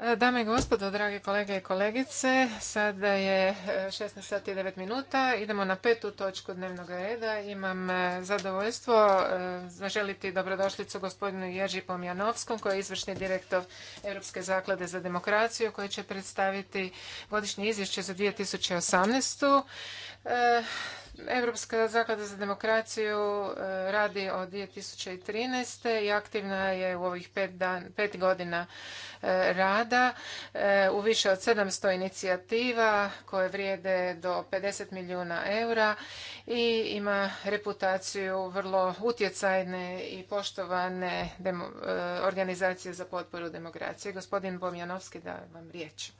E, dame i gospodo, drage kolege i kolegice, sada je 16 e, sati i 9 minuta. Idemo na petu točku dnevnog reda. Imam e, zadovoljstvo zaželiti dobrodošlicu gospodinu Jerži Pomjanovskom, koji je izvršni direktor Europske zaklade za demokraciju, koji će predstaviti godišnje izvješće za 2018. Europska zaklada za demokraciju e, radi od 2013. i aktivna je u ovih pet, pet godina e, rada e, u više od 700 inicijativa koje vrijede do 50 milijuna eura i ima reputaciju vrlo utjecajne i poštovane organizacije za potporu demokracije. Gospodin Bomjanovski, da vam riječ.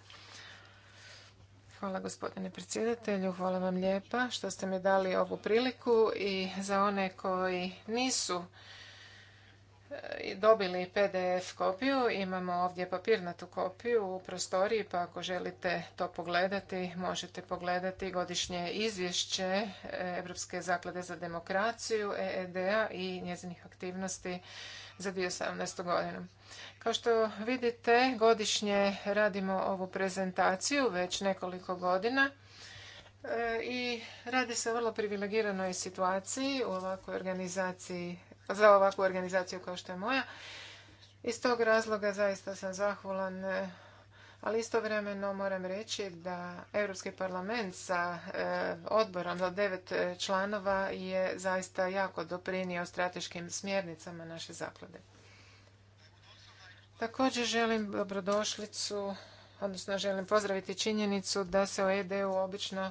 Hvala gospodine predsjedatelju, hvala vam lijepa što ste mi dali ovu priliku i za one koji nisu dobili PDF kopiju. Imamo ovdje papirnatu kopiju u prostoriji, pa ako želite to pogledati, možete pogledati godišnje izvješće Europske zaklade za demokraciju, EED-a i njezinih aktivnosti za 2018. godinu. Kao što vidite, godišnje radimo ovu prezentaciju već nekoliko godina e, i radi se o vrlo privilegiranoj situaciji u ovakvoj organizaciji za ovakvu organizaciju kao što je moja. Iz tog razloga zaista sam zahvalan, e, ali istovremeno moram reći da Europski parlament sa e, odborom za devet e, članova je zaista jako doprinio strateškim smjernicama naše zaklade. Također želim dobrodošlicu, odnosno želim pozdraviti činjenicu da se o EDU obično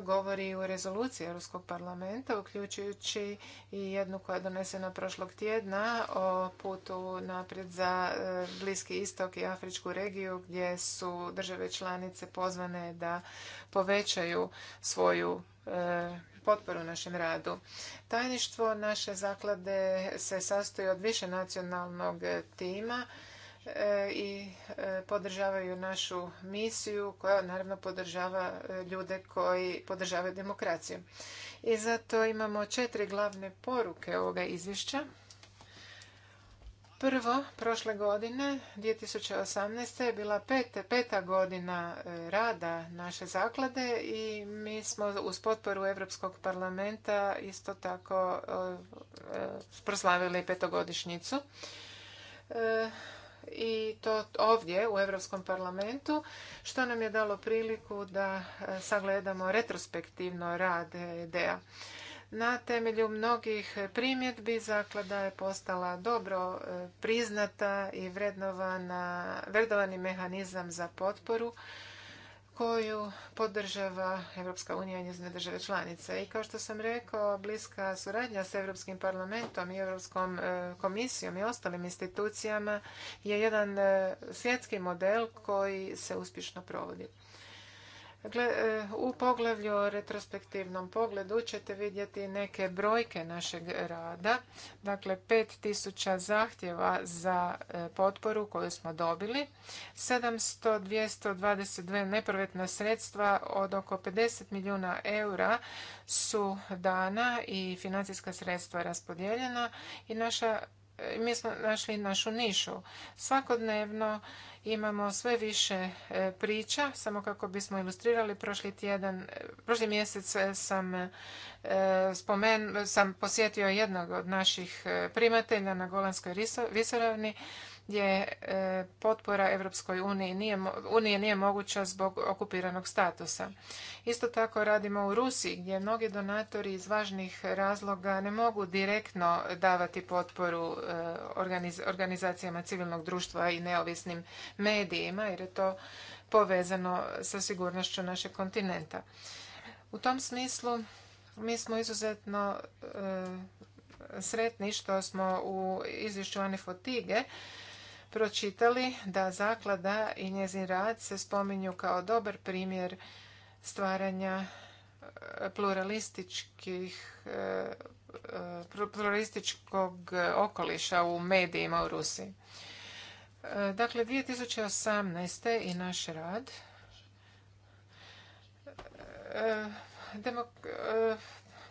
govori u rezoluciji Europskog parlamenta, uključujući i jednu koja je donesena prošlog tjedna o putu naprijed za e, Bliski istok i Afričku regiju gdje su države članice pozvane da povećaju svoju e, potporu našem radu. Tajništvo naše zaklade se sastoji od više nacionalnog tima E, i e, podržavaju našu misiju koja naravno podržava e, ljude koji podržavaju demokraciju. I zato imamo četiri glavne poruke ovoga izvješća. Prvo, prošle godine, 2018. je bila pet, peta godina rada naše zaklade i mi smo uz potporu Europskog parlamenta isto tako proslavili petogodišnjicu i to ovdje u Europskom parlamentu, što nam je dalo priliku da e, sagledamo retrospektivno rad ideja. Na temelju mnogih primjedbi zaklada je postala dobro e, priznata i vredovani vrednovani mehanizam za potporu koju podržava Europska unija i njezine države članice. I kao što sam rekao, bliska suradnja s Europskim parlamentom i Europskom e, komisijom i ostalim institucijama je jedan e, svjetski model koji se uspješno provodi. Dakle, e, u poglavlju o retrospektivnom pogledu ćete vidjeti neke brojke našeg rada. Dakle, 5000 zahtjeva za e, potporu koju smo dobili, 700, 222 neprovetna sredstva od oko 50 milijuna eura su dana i financijska sredstva raspodijeljena i naša E, mi smo našli našu nišu. Svakodnevno imamo sve više e, priča, samo kako bismo ilustrirali prošli tjedan, e, prošli mjesec sam spomen, sam posjetio jednog od naših primatelja na Golanskoj visoravni gdje e, potpora Europskoj uniji nije, unije nije moguća zbog okupiranog statusa. Isto tako radimo u Rusiji gdje mnogi donatori iz važnih razloga ne mogu direktno davati potporu e, organizacijama civilnog društva i neovisnim medijima jer je to povezano sa sigurnošću našeg kontinenta. U tom smislu mi smo izuzetno e, sretni što smo u izvješću anifotige Fotige pročitali da zaklada i njezin rad se spominju kao dobar primjer stvaranja e, pluralističkih e, e, pluralističkog okoliša u medijima u Rusiji. Dakle, 2018. i naš rad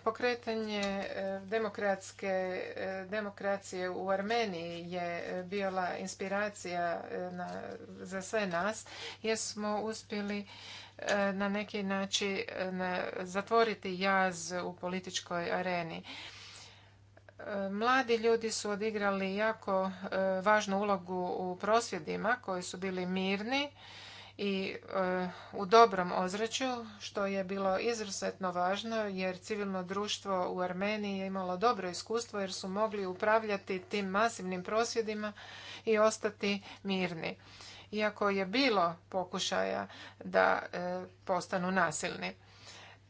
Pokretanje e, demokratske e, demokracije u Armeniji je e, bila inspiracija na, za sve nas jer smo uspjeli na neki način zatvoriti jaz u političkoj areni. Mladi ljudi su odigrali jako važnu ulogu u prosvjedima koji su bili mirni i e, u dobrom ozračju, što je bilo izuzetno važno jer civilno društvo u Armeniji je imalo dobro iskustvo jer su mogli upravljati tim masivnim prosvjedima i ostati mirni. Iako je bilo pokušaja da e, postanu nasilni.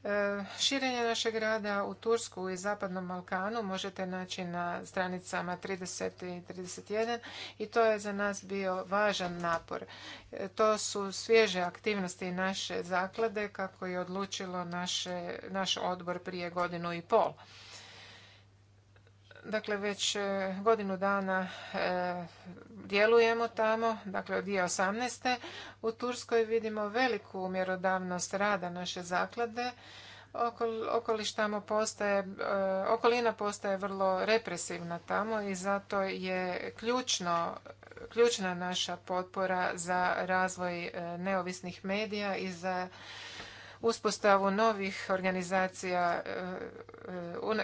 E, širenje našeg rada u Tursku i Zapadnom Balkanu možete naći na stranicama 30 i 31 i to je za nas bio važan napor. E, to su svježe aktivnosti naše zaklade kako je odlučilo naš odbor prije godinu i pol. Dakle, već e, godinu dana e, djelujemo tamo, dakle od 2018. U Turskoj vidimo veliku mjerodavnost rada naše zaklade. tamo postaje, e, okolina postaje vrlo represivna tamo i zato je ključno, ključna naša potpora za razvoj neovisnih medija i za uspostavu novih organizacija e,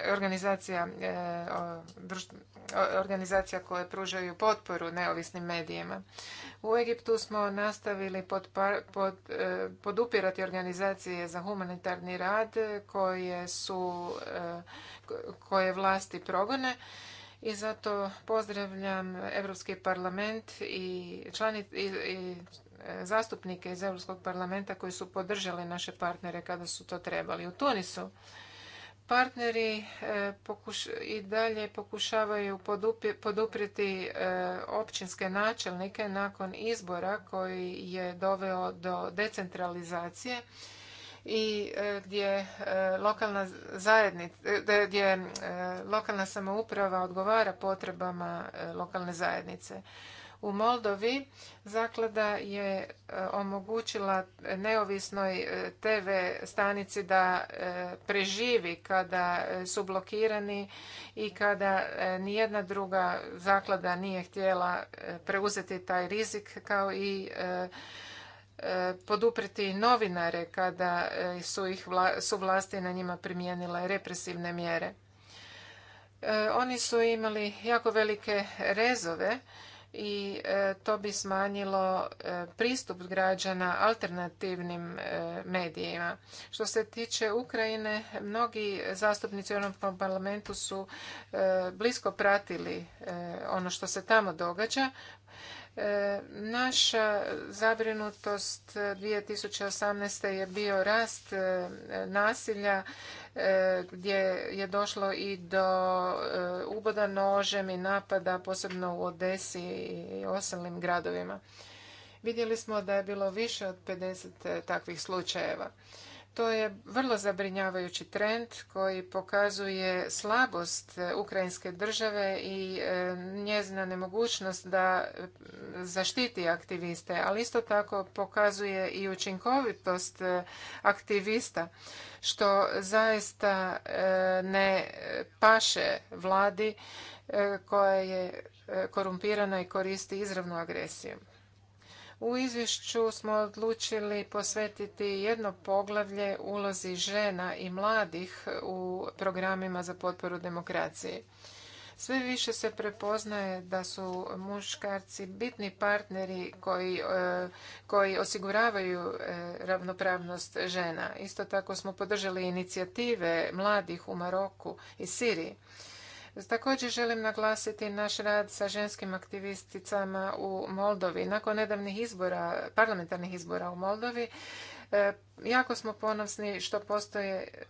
e, organizacija e, organizacija koje pružaju potporu neovisnim medijima. U Egiptu smo nastavili pod, podupirati organizacije za humanitarni rad koje su koje vlasti progone i zato pozdravljam Europski parlament i, i, e, zastupnike iz Europskog parlamenta koji su podržali naše partnere kada su to trebali. U Tunisu partneri e, i dalje pokušavaju poduprijeti e, općinske načelnike nakon izbora koji je doveo do decentralizacije i e, gdje e, lokalna zajednica, e, gdje lokalna samouprava odgovara potrebama lokalne zajednice. U Moldovi zaklada je omogućila neovisnoj TV stanici da preživi kada su blokirani i kada nijedna druga zaklada nije htjela preuzeti taj rizik kao i E, poduprijeti novinare kada e, su, ih su vlasti na njima primijenile represivne mjere. E, oni su imali jako velike rezove i to bi smanjilo pristup građana alternativnim medijima. Što se tiče Ukrajine, mnogi zastupnici u Europskom parlamentu su blisko pratili ono što se tamo događa E, naša zabrinutost 2018. je bio rast e, nasilja e, gdje je došlo i do uboda nožem i napada posebno u Odesi i ostalim gradovima. Vidjeli smo da je bilo više od 50 takvih slučajeva. To je vrlo zabrinjavajući trend koji pokazuje slabost e, ukrajinske države i e, njezina nemogućnost da zaštiti aktiviste, ali isto tako pokazuje i učinkovitost e, aktivista što zaista ne paše vladi koja je korumpirana i koristi izravnu agresiju. U izvješću smo odlučili posvetiti jedno poglavlje ulozi žena i mladih u programima za potporu demokraciji. Sve više se prepoznaje da su muškarci bitni partneri koji, e, koji osiguravaju e, ravnopravnost žena. Isto tako smo podržali inicijative mladih u Maroku i Siriji. Također želim naglasiti naš rad sa ženskim aktivisticama u Moldovi. Nakon nedavnih izbora, parlamentarnih izbora u Moldovi, e, jako smo ponosni što postoje e,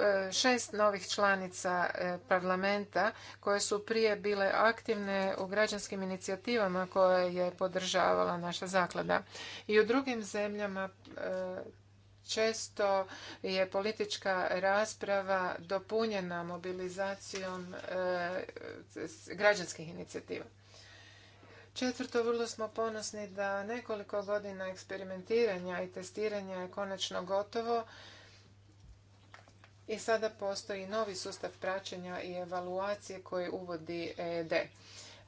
e, šest novih članica parlamenta koje su prije bile aktivne u građanskim inicijativama koje je podržavala naša zaklada. I u drugim zemljama često je politička rasprava dopunjena mobilizacijom e, građanskih inicijativa. Četvrto, vrlo smo ponosni da nekoliko godina eksperimentiranja i testiranja je konačno gotovo i sada postoji novi sustav praćenja i evaluacije koji uvodi ED.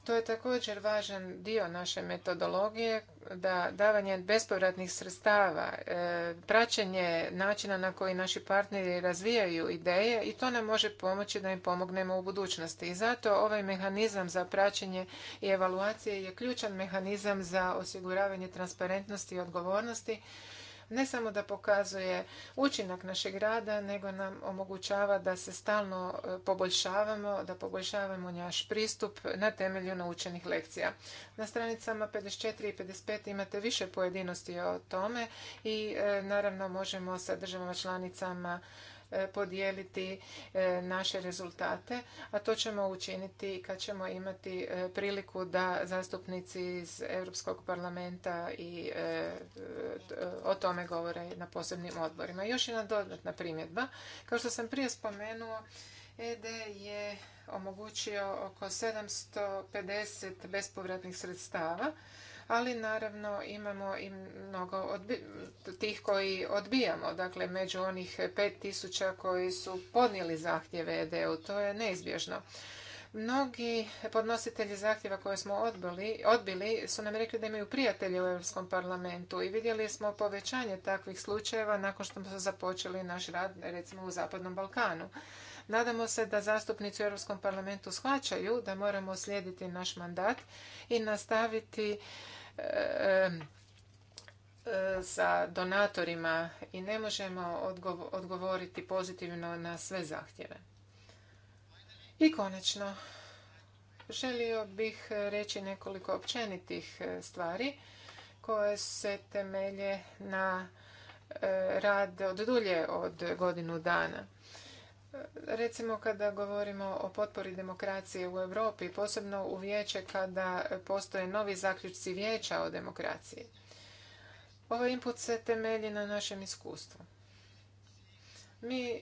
To je također važan dio naše metodologije da davanje bespovratnih sredstava, e, praćenje načina na koji naši partneri razvijaju ideje i to nam može pomoći da im pomognemo u budućnosti. I zato ovaj mehanizam za praćenje i evaluacije je ključan mehanizam za osiguravanje transparentnosti i odgovornosti ne samo da pokazuje učinak našeg rada, nego nam omogućava da se stalno e, poboljšavamo, da poboljšavamo naš pristup na temelju naučenih lekcija. Na stranicama 54 i 55 imate više pojedinosti o tome i e, naravno možemo sa državama članicama E, podijeliti e, naše rezultate, a to ćemo učiniti kad ćemo imati e, priliku da zastupnici iz Europskog parlamenta i o tome govore na posebnim odborima. Još jedna dodatna primjedba. Kao što sam prije spomenuo, ED je omogućio oko 750 bespovratnih sredstava ali naravno imamo i mnogo tih koji odbijamo, dakle među onih 5000 koji su podnijeli zahtjeve EDU, e to je neizbježno. Mnogi podnositelji zahtjeva koje smo odbili, odbili su nam rekli da imaju prijatelje u Europskom parlamentu i vidjeli smo povećanje takvih slučajeva nakon što smo započeli naš rad recimo u Zapadnom Balkanu. Nadamo se da zastupnici u Europskom parlamentu shvaćaju da moramo slijediti naš mandat i nastaviti e, e, sa donatorima i ne možemo odgovoriti pozitivno na sve zahtjeve. I konačno, želio bih reći nekoliko općenitih e, stvari koje se temelje na rad od dulje od godinu dana recimo kada govorimo o potpori demokracije u Europi, posebno u vijeće kada postoje novi zaključci vijeća o demokraciji. Ovaj input se temelji na našem iskustvu. Mi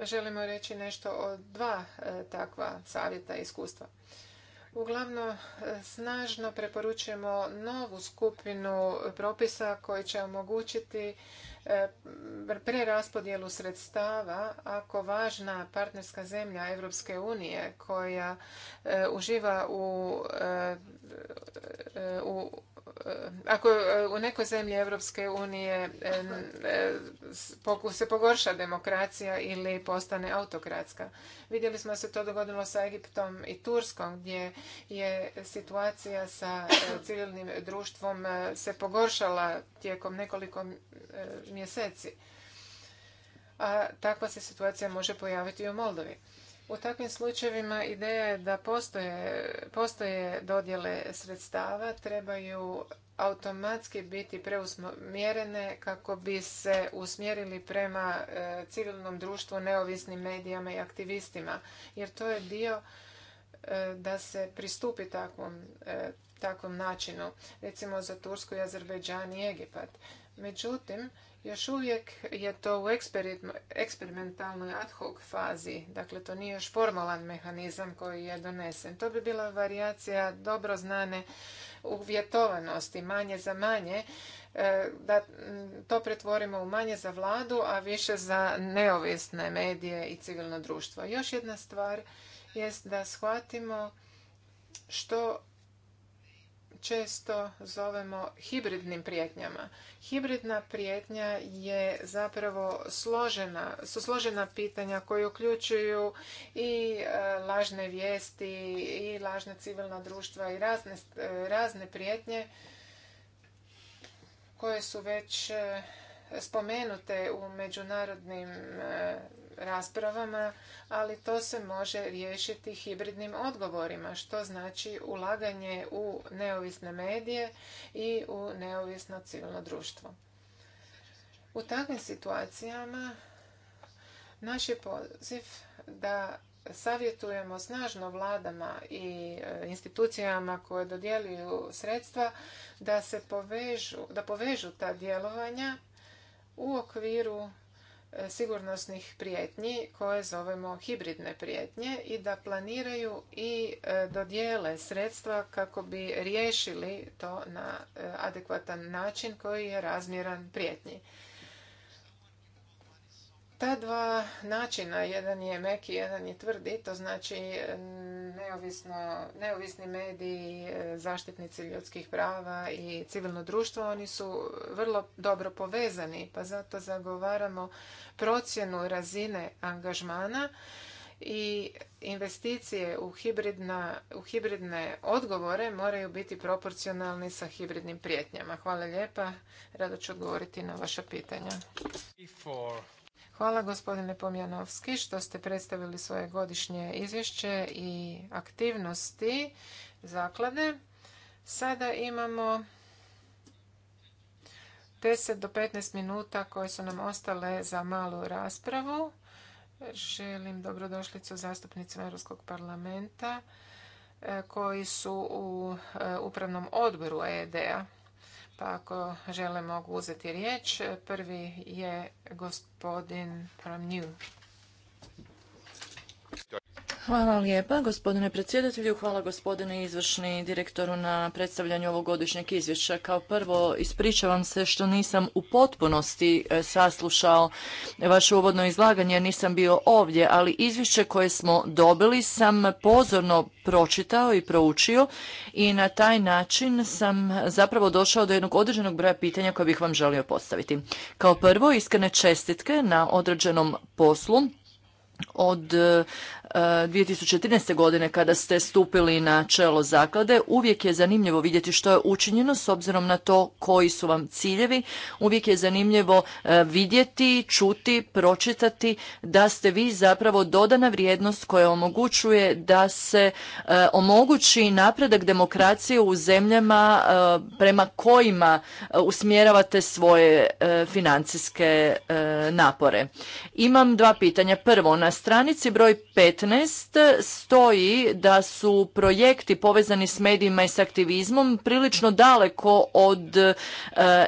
želimo reći nešto o dva e, takva savjeta iskustva. Uglavno, e, snažno preporučujemo novu skupinu propisa koji će omogućiti E, preraspodjelu sredstava ako važna partnerska zemlja Europske unije koja e, uživa u, e, ako u nekoj zemlji Europske unije se pogorša demokracija ili postane autokratska. Vidjeli smo se to dogodilo sa Egiptom i Turskom gdje je situacija sa civilnim društvom se pogoršala tijekom nekoliko mjeseci. A takva se situacija može pojaviti i u Moldovi. U takvim slučajevima ideja je da postoje, postoje dodjele sredstava, trebaju automatski biti preusmjerene kako bi se usmjerili prema e, civilnom društvu, neovisnim medijama i aktivistima. Jer to je dio e, da se pristupi takvom, e, takvom načinu. Recimo za Tursku, Azerbejdžan i Egipat. Međutim, još uvijek je to u eksperimentalnoj ad hoc fazi, dakle to nije još formalan mehanizam koji je donesen. To bi bila varijacija dobro znane uvjetovanosti, manje za manje, e, da to pretvorimo u manje za vladu, a više za neovisne medije i civilno društvo. Još jedna stvar jest da shvatimo što često zovemo hibridnim prijetnjama. Hibridna prijetnja je zapravo složena, su složena pitanja koje uključuju i e, lažne vijesti i lažna civilna društva i razne, e, razne prijetnje koje su već e, spomenute u međunarodnim raspravama, ali to se može riješiti hibridnim odgovorima, što znači ulaganje u neovisne medije i u neovisno civilno društvo. U takvim situacijama naš je poziv da savjetujemo snažno vladama i e, institucijama koje dodjeljuju sredstva da se povežu, da povežu ta djelovanja u okviru sigurnosnih prijetnji koje zovemo hibridne prijetnje i da planiraju i e, dodijele sredstva kako bi riješili to na e, adekvatan način koji je razmjeran prijetnji. Ta dva načina, jedan je meki, jedan je tvrdi, to znači e, neovisni mediji, e, zaštitnici ljudskih prava i civilno društvo, oni su vrlo dobro povezani, pa zato zagovaramo procjenu razine angažmana i investicije u, hibridna, u hibridne odgovore moraju biti proporcionalni sa hibridnim prijetnjama. Hvala lijepa, rado ću odgovoriti na vaša pitanja. Hvala gospodine Pomjanovski što ste predstavili svoje godišnje izvješće i aktivnosti zaklade. Sada imamo 10 do 15 minuta koje su nam ostale za malu raspravu. Želim dobrodošlicu zastupnicima Europskog parlamenta e, koji su u e, upravnom odboru EED-a. Pa ako žele mogu uzeti riječ. Prvi je gospodin Pramnju. Hvala lijepa gospodine predsjedatelju, hvala gospodine izvršni direktoru na predstavljanju godišnjeg izvješća. Kao prvo ispričavam se što nisam u potpunosti e, saslušao vaše uvodno izlaganje nisam bio ovdje, ali izvješće koje smo dobili sam pozorno pročitao i proučio i na taj način sam zapravo došao do jednog određenog broja pitanja koje bih vam želio postaviti. Kao prvo iskrene čestitke na određenom poslu od e, 2013. godine kada ste stupili na čelo zaklade, uvijek je zanimljivo vidjeti što je učinjeno s obzirom na to koji su vam ciljevi. Uvijek je zanimljivo e, vidjeti, čuti, pročitati da ste vi zapravo dodana vrijednost koja omogućuje da se e, omogući napredak demokracije u zemljama e, prema kojima usmjeravate svoje financijske napore. Imam dva pitanja. Prvo, na stranici broj 15 stoji da su projekti povezani s medijima i s aktivizmom prilično daleko od e,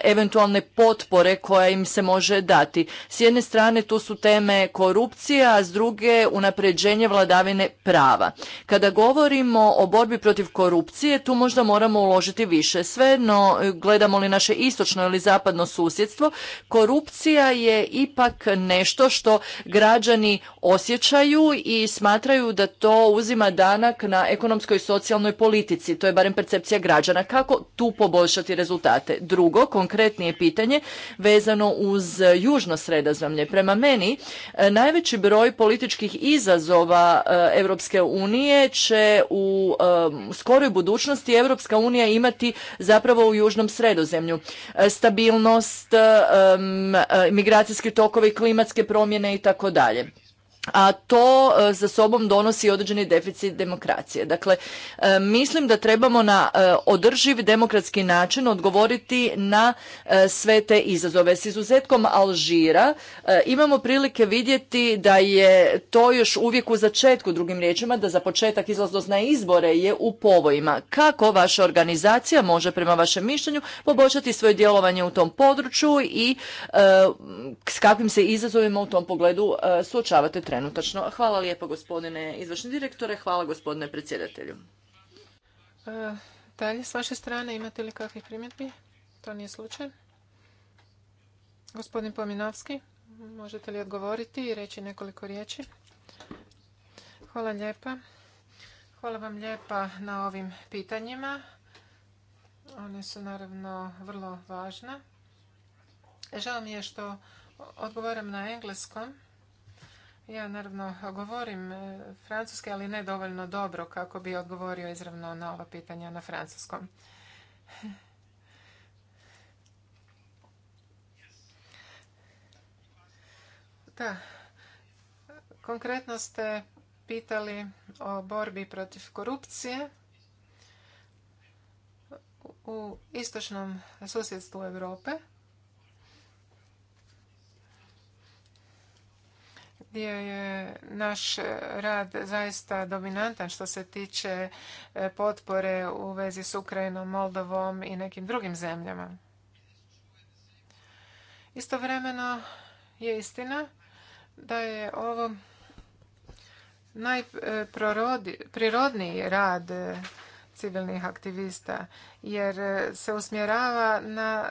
eventualne potpore koja im se može dati. S jedne strane tu su teme korupcija, a s druge unapređenje vladavine prava. Kada govorimo o borbi protiv korupcije, tu možda moramo uložiti više. Sve, no gledamo li naše istočno ili zapadno susjedstvo, korupcija je ipak nešto što građani osjećaju i smatraju da to uzima danak na ekonomskoj i socijalnoj politici. To je barem percepcija građana. Kako tu poboljšati rezultate? Drugo, konkretnije pitanje vezano uz južno sredozemlje. Prema meni, e, najveći broj političkih izazova e, Evropske unije će u e, skoroj budućnosti Evropska unija imati zapravo u južnom sredozemlju. Stabilnost, migracijski tokovi, klimatske promjene i tako dalje a to e, za sobom donosi određeni deficit demokracije. Dakle, e, mislim da trebamo na e, održiv demokratski način odgovoriti na sve te izazove. S izuzetkom Alžira imamo prilike vidjeti da je to još uvijek u začetku, drugim riječima, da za početak izlaznost na izbore je u povojima. Kako vaša organizacija može, prema vašem mišljenju, poboljšati svoje djelovanje u tom području i s kakvim se izazovima u tom pogledu suočavate trenutno? trenutačno. Hvala lijepo gospodine izvršni direktore, hvala gospodine predsjedatelju. E, dalje, s vaše strane imate li kakvih primjedbi? To nije slučaj. Gospodin Pominovski, možete li odgovoriti i reći nekoliko riječi? Hvala lijepa. Hvala vam lijepa na ovim pitanjima. One su naravno vrlo važna. Žao mi je što odgovaram na engleskom ja naravno govorim e, francuski, ali ne dovoljno dobro kako bi odgovorio izravno na ova pitanja na francuskom. Da, konkretno ste pitali o borbi protiv korupcije u istočnom susjedstvu Europe. gdje je naš rad zaista dominantan što se tiče e, potpore u vezi s Ukrajinom, Moldovom i nekim drugim zemljama. Istovremeno je istina da je ovo najprirodniji rad civilnih aktivista jer se usmjerava na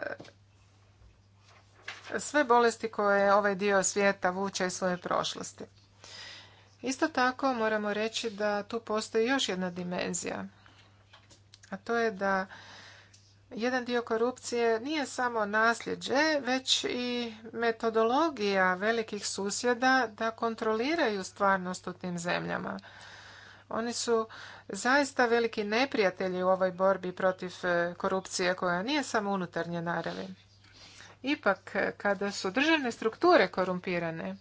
sve bolesti koje ovaj dio svijeta vuče iz svoje prošlosti. Isto tako moramo reći da tu postoji još jedna dimenzija, a to je da jedan dio korupcije nije samo nasljeđe, već i metodologija velikih susjeda da kontroliraju stvarnost u tim zemljama. Oni su zaista veliki neprijatelji u ovoj borbi protiv e, korupcije koja nije samo unutarnje naravi. Ipak, kada su državne strukture korumpirane,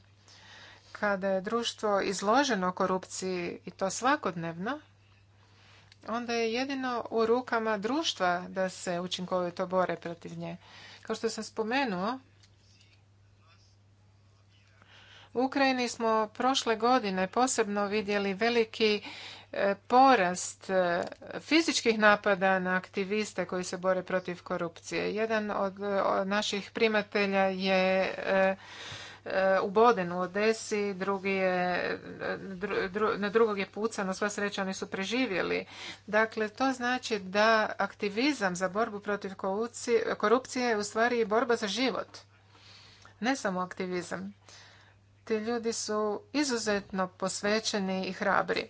kada je društvo izloženo korupciji i to svakodnevno, onda je jedino u rukama društva da se učinkovito bore protiv nje. Kao što sam spomenuo, u Ukrajini smo prošle godine posebno vidjeli veliki E, porast e, fizičkih napada na aktiviste koji se bore protiv korupcije. Jedan od e, naših primatelja je uboden u Odesi, drugi je, na drugog je pucano, sva sreća oni su preživjeli. Dakle, to znači da aktivizam za borbu protiv korupcije je u stvari borba za život. Ne samo aktivizam. Ti ljudi su izuzetno posvećeni i hrabri.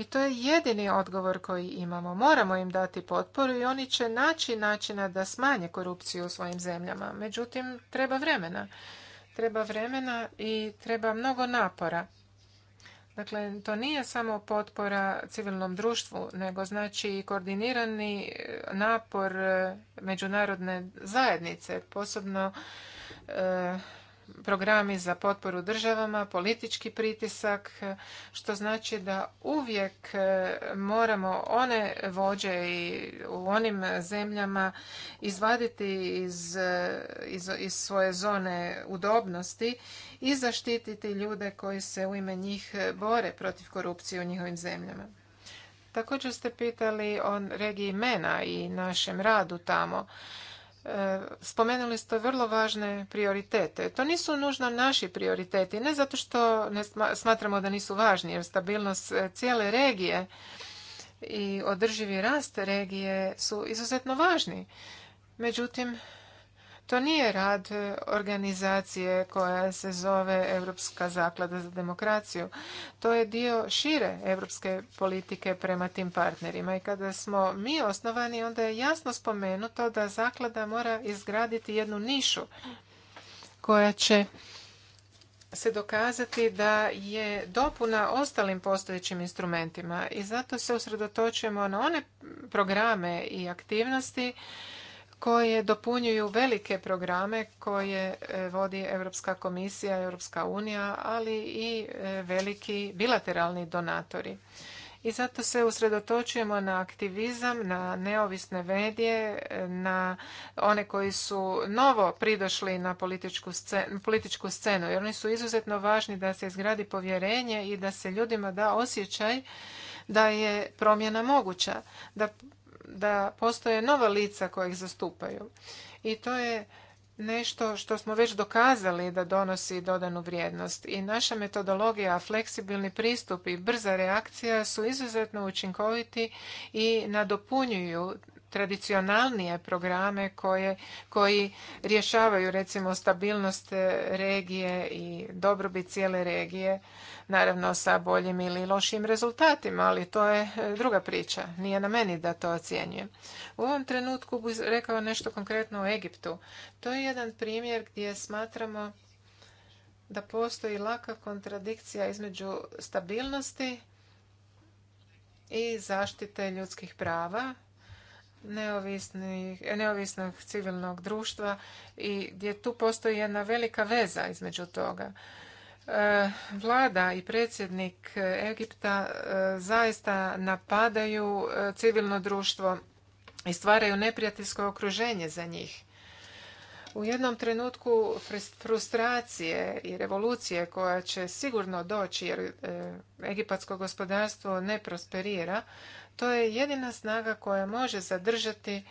I to je jedini odgovor koji imamo. Moramo im dati potporu i oni će naći načina da smanje korupciju u svojim zemljama. Međutim, treba vremena. Treba vremena i treba mnogo napora. Dakle, to nije samo potpora civilnom društvu, nego znači i koordinirani napor međunarodne zajednice, posebno e, programi za potporu državama, politički pritisak, što znači da uvijek e, moramo one vođe i u onim zemljama izvaditi iz, e, iz, iz svoje zone udobnosti i zaštititi ljude koji se u ime njih bore protiv korupcije u njihovim zemljama. Također ste pitali o regiji Mena i našem radu tamo spomenuli ste vrlo važne prioritete. To nisu nužno naši prioriteti, ne zato što ne smatramo da nisu važni, jer stabilnost e, cijele regije i održivi rast regije su izuzetno važni. Međutim, to nije rad e, organizacije koja se zove Europska zaklada za demokraciju. To je dio šire europske politike prema tim partnerima. I kada smo mi osnovani, onda je jasno spomenuto da zaklada mora izgraditi jednu nišu koja će se dokazati da je dopuna ostalim postojećim instrumentima i zato se usredotočujemo na one programe i aktivnosti koje dopunjuju velike programe koje e, vodi Europska komisija, Europska unija, ali i e, veliki bilateralni donatori. I zato se usredotočujemo na aktivizam, na neovisne medije, e, na one koji su novo pridošli na političku scenu, političku scenu jer oni su izuzetno važni da se izgradi povjerenje i da se ljudima da osjećaj da je promjena moguća, da da postoje nova lica kojih zastupaju. I to je nešto što smo već dokazali da donosi dodanu vrijednost i naša metodologija, fleksibilni pristup i brza reakcija su izuzetno učinkoviti i nadopunjuju tradicionalnije programe koje, koji rješavaju recimo stabilnost regije i dobrobit cijele regije, naravno sa boljim ili lošim rezultatima, ali to je e, druga priča. Nije na meni da to ocjenjujem. U ovom trenutku bih rekao nešto konkretno o Egiptu. To je jedan primjer gdje smatramo da postoji laka kontradikcija između stabilnosti i zaštite ljudskih prava neovisnog civilnog društva i gdje tu postoji jedna velika veza između toga. E, Vlada i predsjednik Egipta e, zaista napadaju e, civilno društvo i stvaraju neprijateljsko okruženje za njih u jednom trenutku frustracije i revolucije koja će sigurno doći jer e, egipatsko gospodarstvo ne prosperira, to je jedina snaga koja može zadržati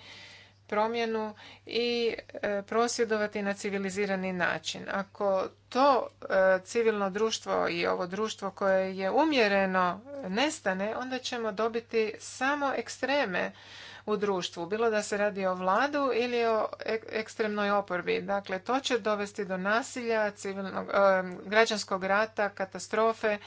promjenu i e, prosvjedovati na civilizirani način. Ako to e, civilno društvo i ovo društvo koje je umjereno nestane, onda ćemo dobiti samo ekstreme u društvu, bilo da se radi o vladu ili o ekstremnoj oporbi. Dakle, to će dovesti do nasilja, civilnog, e, građanskog rata, katastrofe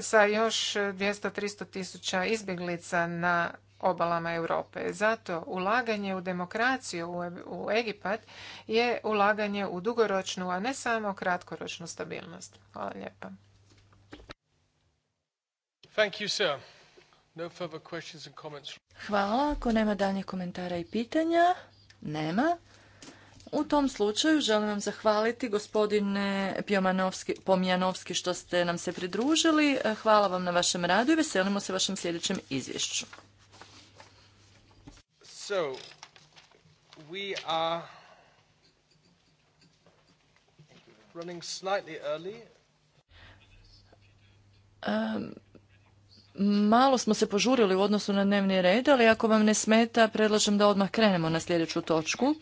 sa još 200-300 tisuća izbjeglica na obalama Europe. Zato ulaganje u demokraciju u Egipat je ulaganje u dugoročnu, a ne samo kratkoročnu stabilnost. Hvala lijepa. Thank you, sir. Hvala. Ako nema daljnjih komentara i pitanja, nema. U tom slučaju želim vam zahvaliti gospodine Pomjanovski što ste nam se pridružili. Hvala vam na vašem radu i veselimo se vašem sljedećem izvješću. So, Malo smo se požurili u odnosu na dnevni red, ali ako vam ne smeta, predlažem da odmah krenemo na sljedeću točku.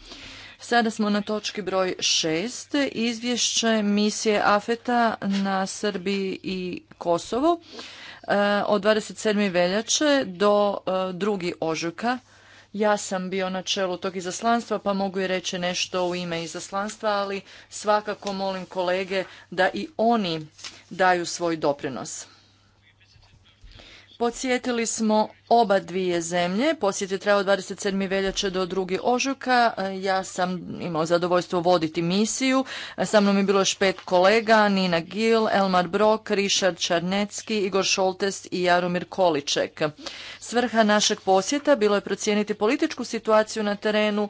Sada smo na točki broj 6, izvješće misije AFETA na Srbiji i Kosovo eh, od 27. veljače do 2. Eh, ožujka. Ja sam bio na čelu tog izaslanstva pa mogu i reći nešto u ime izaslanstva, ali svakako molim kolege da i oni daju svoj doprinos. Podsjetili smo oba dvije zemlje. Posjet je trajao 27. veljače do 2. ožujka. Ja sam imao zadovoljstvo voditi misiju. Sa mnom je bilo još pet kolega, Nina Gil, Elmar Brok, richard Čarnecki, Igor šoltest i Jaromir Količek. Svrha našeg posjeta bilo je procijeniti političku situaciju na terenu,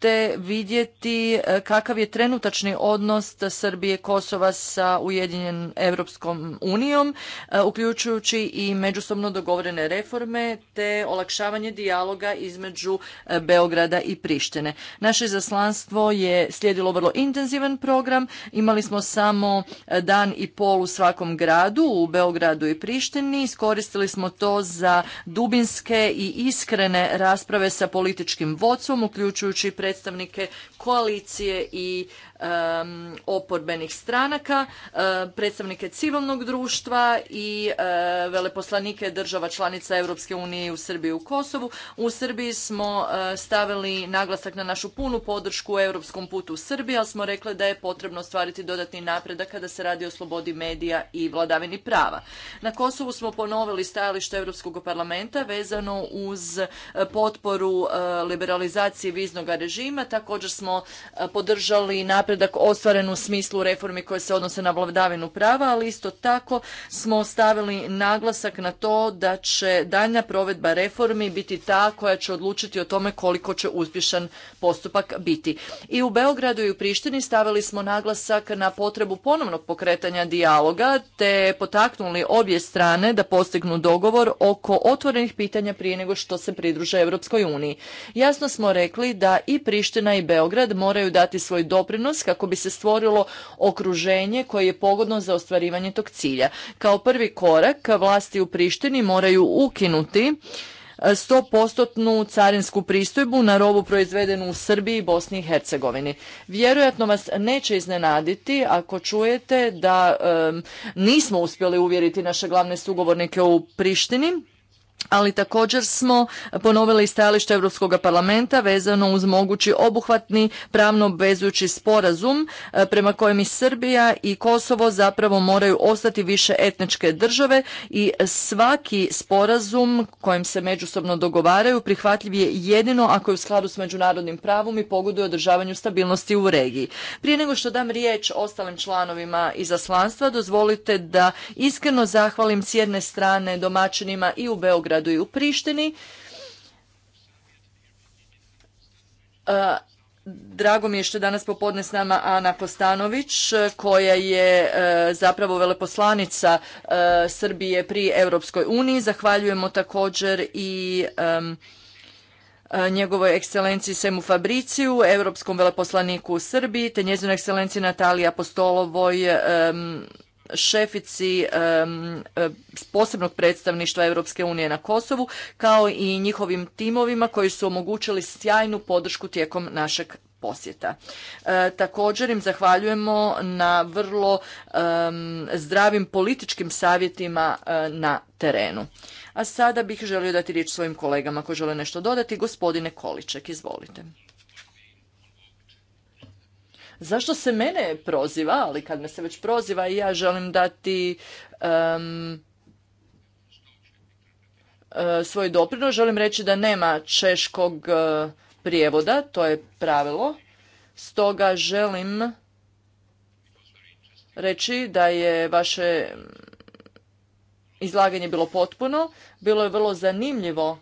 te vidjeti e, kakav je trenutačni odnos Srbije Kosova sa Ujedinjenom Europskom unijom, e, uključujući i međusobno dogovorene reforme te olakšavanje dijaloga između e, Beograda i Prištine. Naše zaslanstvo je slijedilo vrlo intenzivan program. Imali smo samo dan i pol u svakom gradu, u Beogradu i Prištini. Iskoristili smo to za dubinske i iskrene rasprave sa političkim vodstvom, uključujući pre predstavnike koalicije i oporbenih stranaka, predstavnike civilnog društva i veleposlanike država članica Europske unije u Srbiji i u Kosovu. U Srbiji smo stavili naglasak na našu punu podršku u europskom putu u Srbiji, ali smo rekli da je potrebno ostvariti dodatni napredak kada se radi o slobodi medija i vladavini prava. Na Kosovu smo ponovili stajalište Europskog parlamenta vezano uz potporu liberalizacije viznog režima. Također smo podržali napred napredak ostvaren u smislu reformi koje se odnose na vladavinu prava, ali isto tako smo stavili naglasak na to da će daljnja provedba reformi biti ta koja će odlučiti o tome koliko će uspješan postupak biti. I u Beogradu i u Prištini stavili smo naglasak na potrebu ponovnog pokretanja dijaloga te potaknuli obje strane da postignu dogovor oko otvorenih pitanja prije nego što se pridruže Europskoj uniji. Jasno smo rekli da i Priština i Beograd moraju dati svoj doprinos kako bi se stvorilo okruženje koje je pogodno za ostvarivanje tog cilja. Kao prvi korak vlasti u Prištini moraju ukinuti 100% e, carinsku pristojbu na robu proizvedenu u Srbiji i Bosni i Hercegovini. Vjerojatno vas neće iznenaditi ako čujete da nismo uspjeli uvjeriti naše glavne sugovornike u Prištini ali također smo ponovili stajalište Europskog parlamenta vezano uz mogući obuhvatni pravno obvezujući sporazum e, prema kojem i Srbija i Kosovo zapravo moraju ostati više etničke države i svaki sporazum kojim se međusobno dogovaraju prihvatljiv je jedino ako je u skladu s međunarodnim pravom i pogoduje održavanju stabilnosti u regiji. Prije nego što dam riječ ostalim članovima izaslanstva, dozvolite da iskreno zahvalim s jedne strane domaćinima i u Beogradu Beogradu i u Prištini. E, drago mi je što je danas popodne s nama Ana Kostanović koja je e, zapravo veleposlanica e, Srbije pri Europskoj uniji. Zahvaljujemo također i njegovoj ekscelenciji Semu Fabriciju, europskom veleposlaniku u Srbiji, te njezinoj ekscelenciji Natalija Apostolovoj šefici eh, posebnog predstavništva Europske unije na Kosovu, kao i njihovim timovima koji su omogućili sjajnu podršku tijekom našeg posjeta. Eh, također im zahvaljujemo na vrlo zdravim političkim savjetima eh, na terenu. A sada bih želio dati riječ svojim kolegama koji žele nešto dodati. Gospodine Količek, izvolite. Zašto se mene proziva, ali kad me se već proziva i ja želim dati um, svoj doprinos, želim reći da nema češkog e, prijevoda, to je pravilo. Stoga želim reći da je vaše izlaganje bilo potpuno. Bilo je vrlo zanimljivo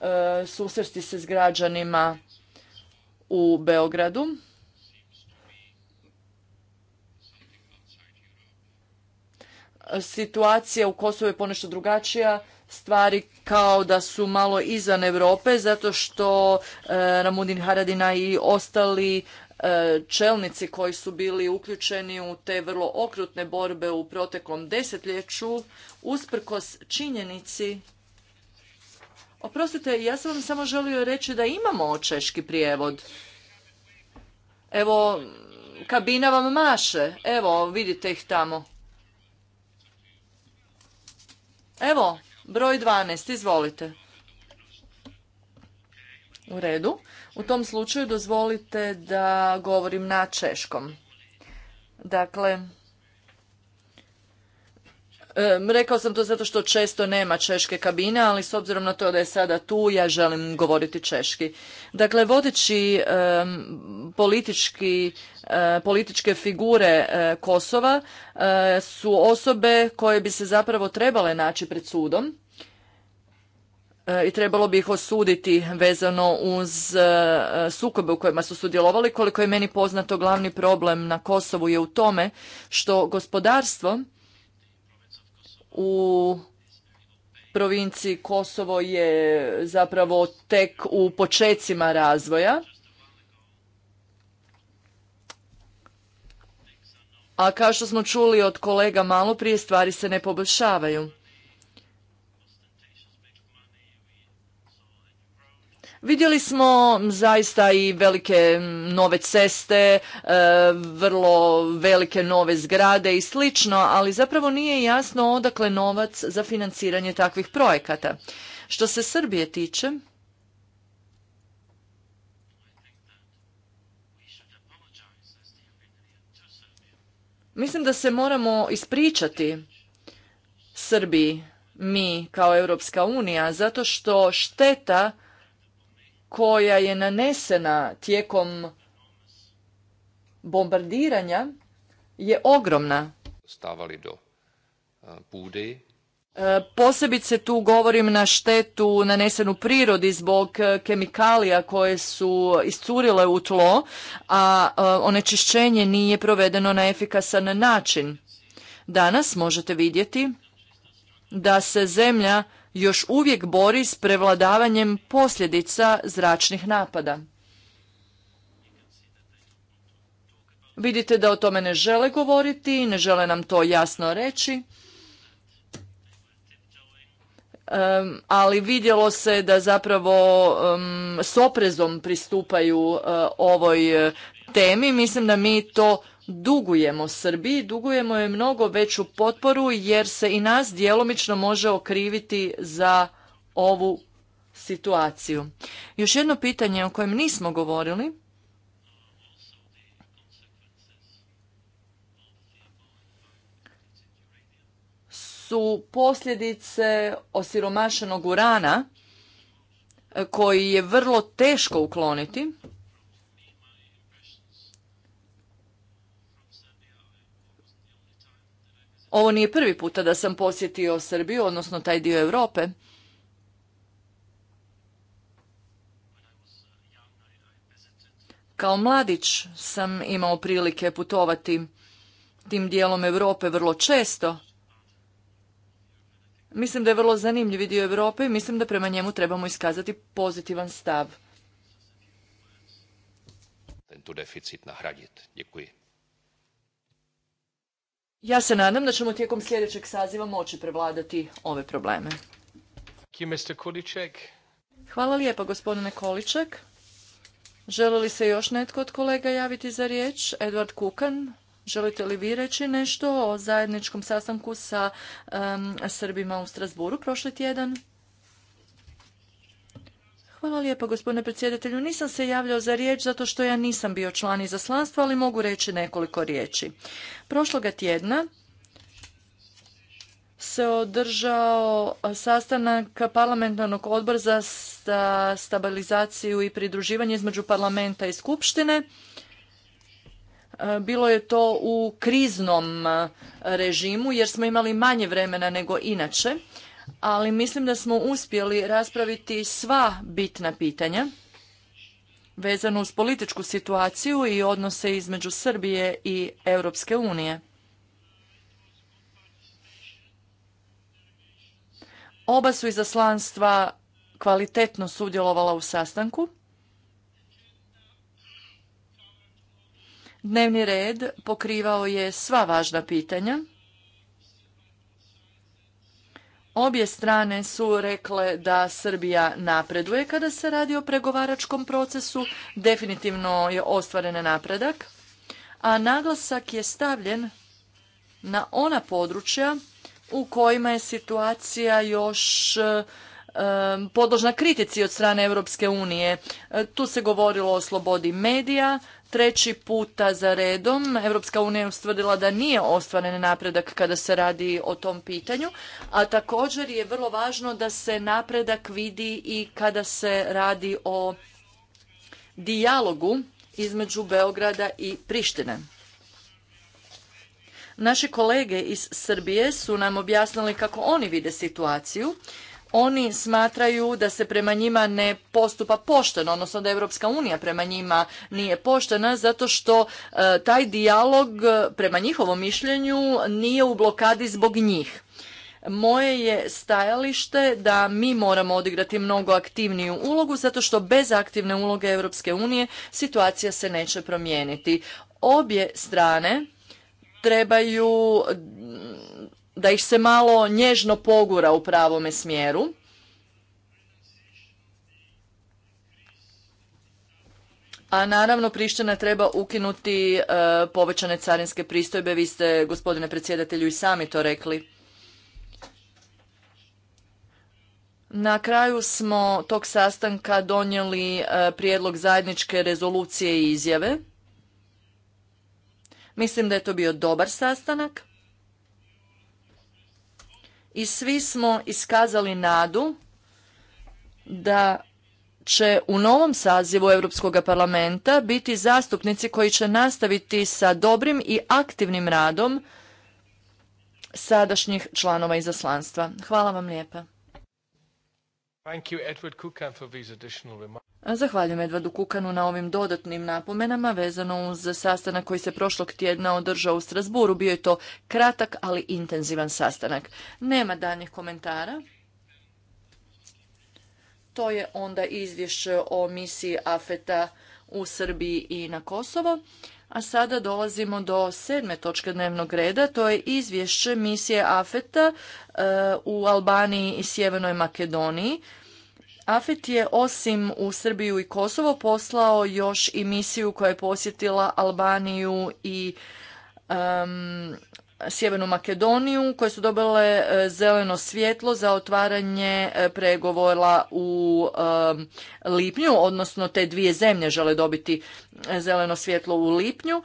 e, susresti se s građanima u Beogradu. situacija u Kosovu je ponešto drugačija, stvari kao da su malo izvan Europe zato što e, Ramudin Haradina i ostali e, čelnici koji su bili uključeni u te vrlo okrutne borbe u proteklom desetljeću usprkos činjenici Oprostite, ja sam vam samo želio reći da imamo češki prijevod. Evo, kabina vam maše. Evo, vidite ih tamo. Evo, broj 12, izvolite. U redu. U tom slučaju dozvolite da govorim na češkom. Dakle, rekao sam to zato što često nema češke kabine, ali s obzirom na to da je sada tu, ja želim govoriti češki. Dakle, vodeći politički, e, političke figure e, Kosova e, su osobe koje bi se zapravo trebale naći pred sudom i trebalo bi ih osuditi vezano uz sukobe u kojima su sudjelovali. Koliko je meni poznato, glavni problem na Kosovu je u tome što gospodarstvo u provinciji Kosovo je zapravo tek u počecima razvoja. A kao što smo čuli od kolega malo prije, stvari se ne poboljšavaju. Vidjeli smo zaista i velike nove ceste, e, vrlo velike nove zgrade i slično, ali zapravo nije jasno odakle novac za financiranje takvih projekata. Što se Srbije tiče, mislim da se moramo ispričati Srbiji, mi kao Europska unija, zato što šteta koja je nanesena tijekom bombardiranja je ogromna. Stavali do e, Posebice tu govorim na štetu nanesenu prirodi zbog e, kemikalija koje su iscurile u tlo, a e, onečišćenje nije provedeno na efikasan način. Danas možete vidjeti da se zemlja još uvijek bori s prevladavanjem posljedica zračnih napada. Vidite da o tome ne žele govoriti, ne žele nam to jasno reći. ali vidjelo se da zapravo s oprezom pristupaju e, ovoj e, temi. Mislim da mi to dugujemo Srbiji, dugujemo je mnogo veću potporu jer se i nas djelomično može okriviti za ovu situaciju. Još jedno pitanje o kojem nismo govorili su posljedice osiromašenog urana e, koji je vrlo teško ukloniti Ovo nije prvi puta da sam posjetio Srbiju, odnosno taj dio Europe. Kao mladić sam imao prilike putovati tim dijelom Europe vrlo često. Mislim da je vrlo zanimljiv dio Europe i mislim da prema njemu trebamo iskazati pozitivan stav. Tento deficit Děkuji. Ja se nadam da ćemo tijekom sljedećeg saziva moći prevladati ove probleme. Hvala lijepa gospodine Količek. Želi li se još netko od kolega javiti za riječ? Edward Kukan, želite li vi reći nešto o zajedničkom sastanku sa Srbima u Strasburu prošli tjedan? Hvala lijepa gospodine predsjedatelju. Nisam se javljao za riječ zato što ja nisam bio član izaslanstva, ali mogu reći nekoliko riječi. Prošloga tjedna se održao sastanak parlamentarnog odbora za stabilizaciju i pridruživanje između parlamenta i skupštine. E, bilo je to u kriznom režimu jer smo imali manje vremena nego inače ali mislim da smo uspjeli raspraviti sva bitna pitanja vezano uz političku situaciju i odnose između Srbije i Europske unije. Oba su izaslanstva kvalitetno sudjelovala u sastanku. Dnevni red pokrivao je sva važna pitanja Obje strane su rekle da Srbija napreduje kada se radi o pregovaračkom procesu. Definitivno je ostvaren napredak, a naglasak je stavljen na ona područja u kojima je situacija još podložna kritici od strane Europske unije. E, tu se govorilo o slobodi medija, treći puta za redom. Europska unija je ustvrdila da nije ostvaren napredak kada se radi o tom pitanju, a također je vrlo važno da se napredak vidi i kada se radi o dijalogu između Beograda i Prištine. Naši kolege iz Srbije su nam objasnili kako oni vide situaciju oni smatraju da se prema njima ne postupa pošteno, odnosno da Europska unija prema njima nije poštena zato što e, taj dijalog e, prema njihovom mišljenju nije u blokadi zbog njih. Moje je stajalište da mi moramo odigrati mnogo aktivniju ulogu zato što bez aktivne uloge Europske unije situacija se neće promijeniti. Obje strane trebaju da ih se malo nježno pogura u pravome smjeru. A naravno Priština treba ukinuti e, povećane carinske pristojbe. Vi ste, gospodine predsjedatelju, i sami to rekli. Na kraju smo tog sastanka donijeli e, prijedlog zajedničke rezolucije i izjave. Mislim da je to bio dobar sastanak i svi smo iskazali nadu da će u novom sazivu Europskog parlamenta biti zastupnici koji će nastaviti sa dobrim i aktivnim radom sadašnjih članova izaslanstva. Hvala vam lijepa. Thank Zahvaljujem Edvardu Kukanu na ovim dodatnim napomenama vezano uz sastanak koji se prošlog tjedna održao u Strasburu. Bio je to kratak, ali intenzivan sastanak. Nema danjih komentara. To je onda izvješće o misiji AFETA u Srbiji i na Kosovo. A sada dolazimo do sedme točke dnevnog reda, to je izvješće misije AFETA e, u Albaniji i Sjevernoj Makedoniji. AFET je osim u Srbiju i Kosovo poslao još i misiju koja je posjetila Albaniju i Sjevernu Makedoniju koje su dobile e, zeleno svjetlo za otvaranje e, pregovora u lipnju, odnosno te dvije zemlje žele dobiti e, zeleno svjetlo u lipnju.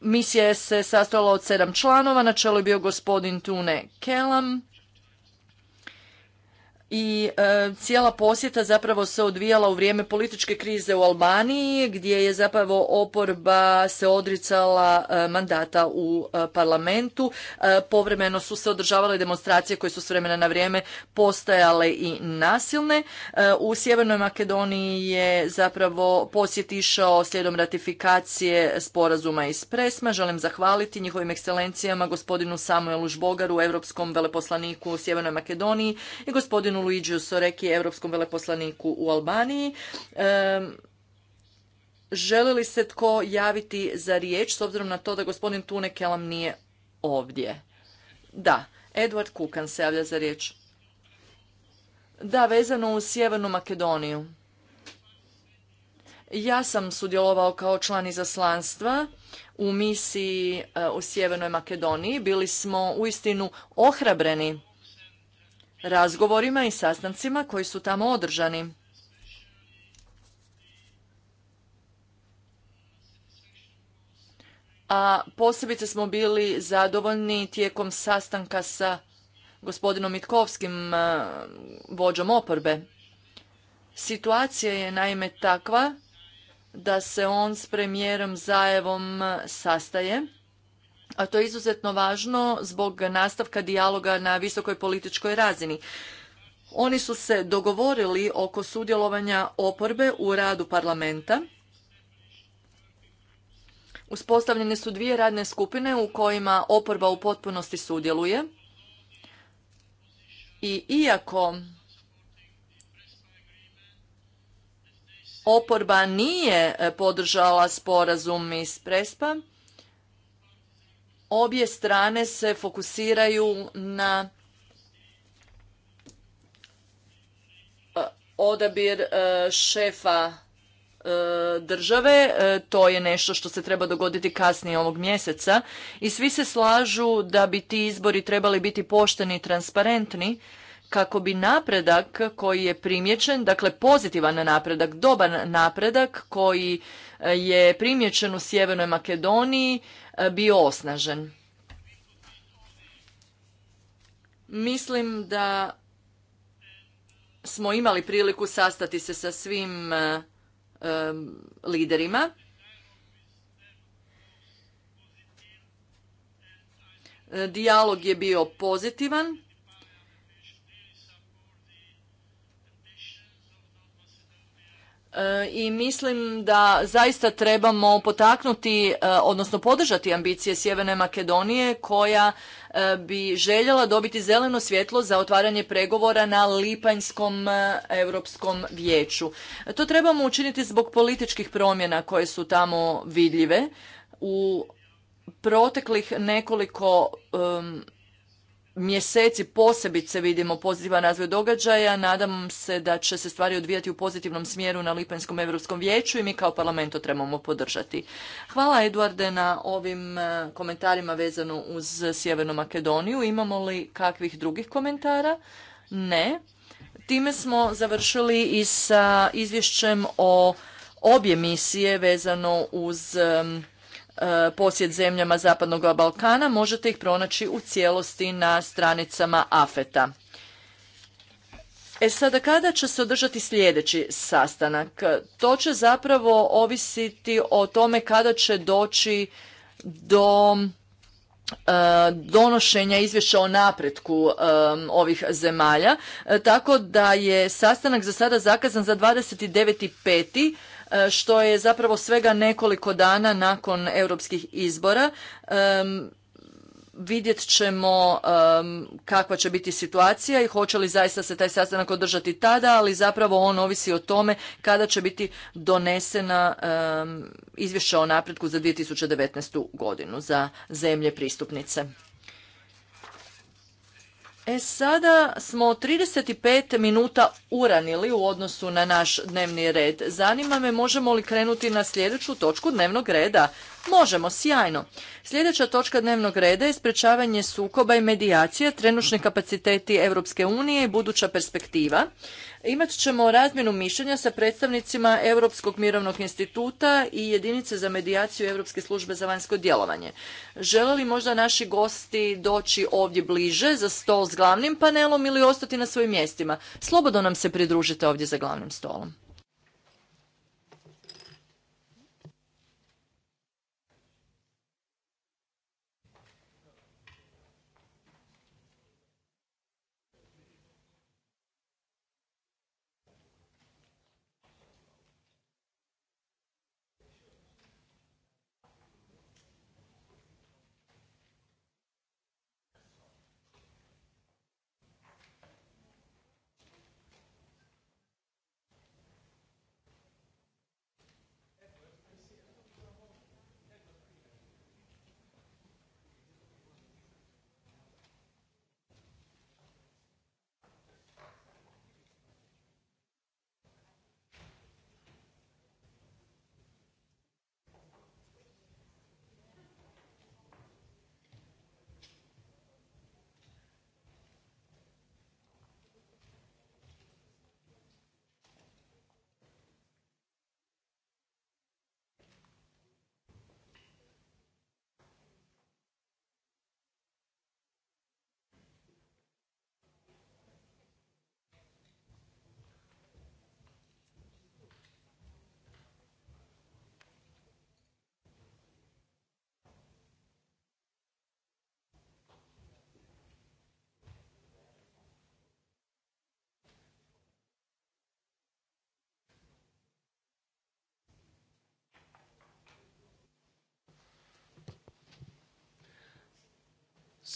Misija se sastojala od sedam članova, na čelu je bio gospodin Tune Kelam i e, cijela posjeta zapravo se odvijala u vrijeme političke krize u Albaniji gdje je zapravo oporba se odricala e, mandata u e, parlamentu. Povremeno su se održavale demonstracije koje su s vremena na vrijeme postajale i nasilne. U Sjevernoj Makedoniji je zapravo posjet išao slijedom ratifikacije sporazuma iz Presma. Želim zahvaliti njihovim ekscelencijama gospodinu Samuelu Žbogaru, europskom veleposlaniku u Sjevernoj Makedoniji i gospodinu gospodinu Luigi Soreki, evropskom veleposlaniku u Albaniji. Želi li se tko javiti za riječ, s obzirom na to da gospodin Tune Kelam nije ovdje? Da, Edward Kukan se javlja za riječ. Da, vezano u Sjevernu Makedoniju. Ja sam sudjelovao kao član izaslanstva u misiji e, u Sjevernoj Makedoniji. Bili smo uistinu ohrabreni razgovorima i sastancima koji su tamo održani. A posebice smo bili zadovoljni tijekom sastanka sa gospodinom Mitkovskim eh, vođom oporbe. Situacija je naime takva da se on s premijerom Zajevom sastaje a to je izuzetno važno zbog nastavka dijaloga na visokoj političkoj razini. Oni su se dogovorili oko sudjelovanja oporbe u radu parlamenta. Uspostavljene su dvije radne skupine u kojima oporba u potpunosti sudjeluje. I iako oporba nije podržala sporazum iz Prespa, obje strane se fokusiraju na e, odabir e, šefa e, države, to je nešto što se treba dogoditi kasnije ovog mjeseca i svi se slažu da bi ti izbori trebali biti pošteni i transparentni, kako bi napredak koji je primječen, dakle pozitivan napredak, dobar napredak koji e, je primječen u Sjevernoj Makedoniji e, bio osnažen. Mislim da smo imali priliku sastati se sa svim e, liderima. Dijalog je bio pozitivan E, i mislim da zaista trebamo potaknuti, e, odnosno podržati ambicije Sjeverne Makedonije koja e, bi željela dobiti zeleno svjetlo za otvaranje pregovora na Lipanjskom Europskom vijeću. To trebamo učiniti zbog političkih promjena koje su tamo vidljive u proteklih nekoliko mjeseci posebice vidimo pozitivan razvoj događaja. Nadam se da će se stvari odvijati u pozitivnom smjeru na Lipanjskom Europskom vijeću i mi kao parlament to trebamo podržati. Hvala Eduarde na ovim e, komentarima vezano uz Sjevernu Makedoniju. Imamo li kakvih drugih komentara? Ne. Time smo završili i sa izvješćem o obje misije vezano uz E, posjet zemljama Zapadnog Balkana, možete ih pronaći u cijelosti na stranicama AFETA. E sada kada će se održati sljedeći sastanak? To će zapravo ovisiti o tome kada će doći do e, donošenja izvješća o napretku e, ovih zemalja, tako da je sastanak za sada zakazan za 29.5. E, što je zapravo svega nekoliko dana nakon europskih izbora. vidjet ćemo kakva će biti situacija i hoće li zaista se taj sastanak održati tada, ali zapravo on ovisi o tome kada će biti donesena izvješća o napretku za 2019. godinu za zemlje pristupnice. E sada smo 35 minuta uranili u odnosu na naš dnevni red. Zanima me možemo li krenuti na sljedeću točku dnevnog reda? Možemo, sjajno. Sljedeća točka dnevnog reda je sprečavanje sukoba i medijacija, trenučni kapaciteti Europske unije i buduća perspektiva. Imat ćemo razmjenu mišljenja sa predstavnicima Europskog mirovnog instituta i jedinice za medijaciju Europske službe za vanjsko djelovanje. Žele li možda naši gosti doći ovdje bliže za stol s glavnim panelom ili ostati na svojim mjestima? Slobodno nam se pridružite ovdje za glavnim stolom.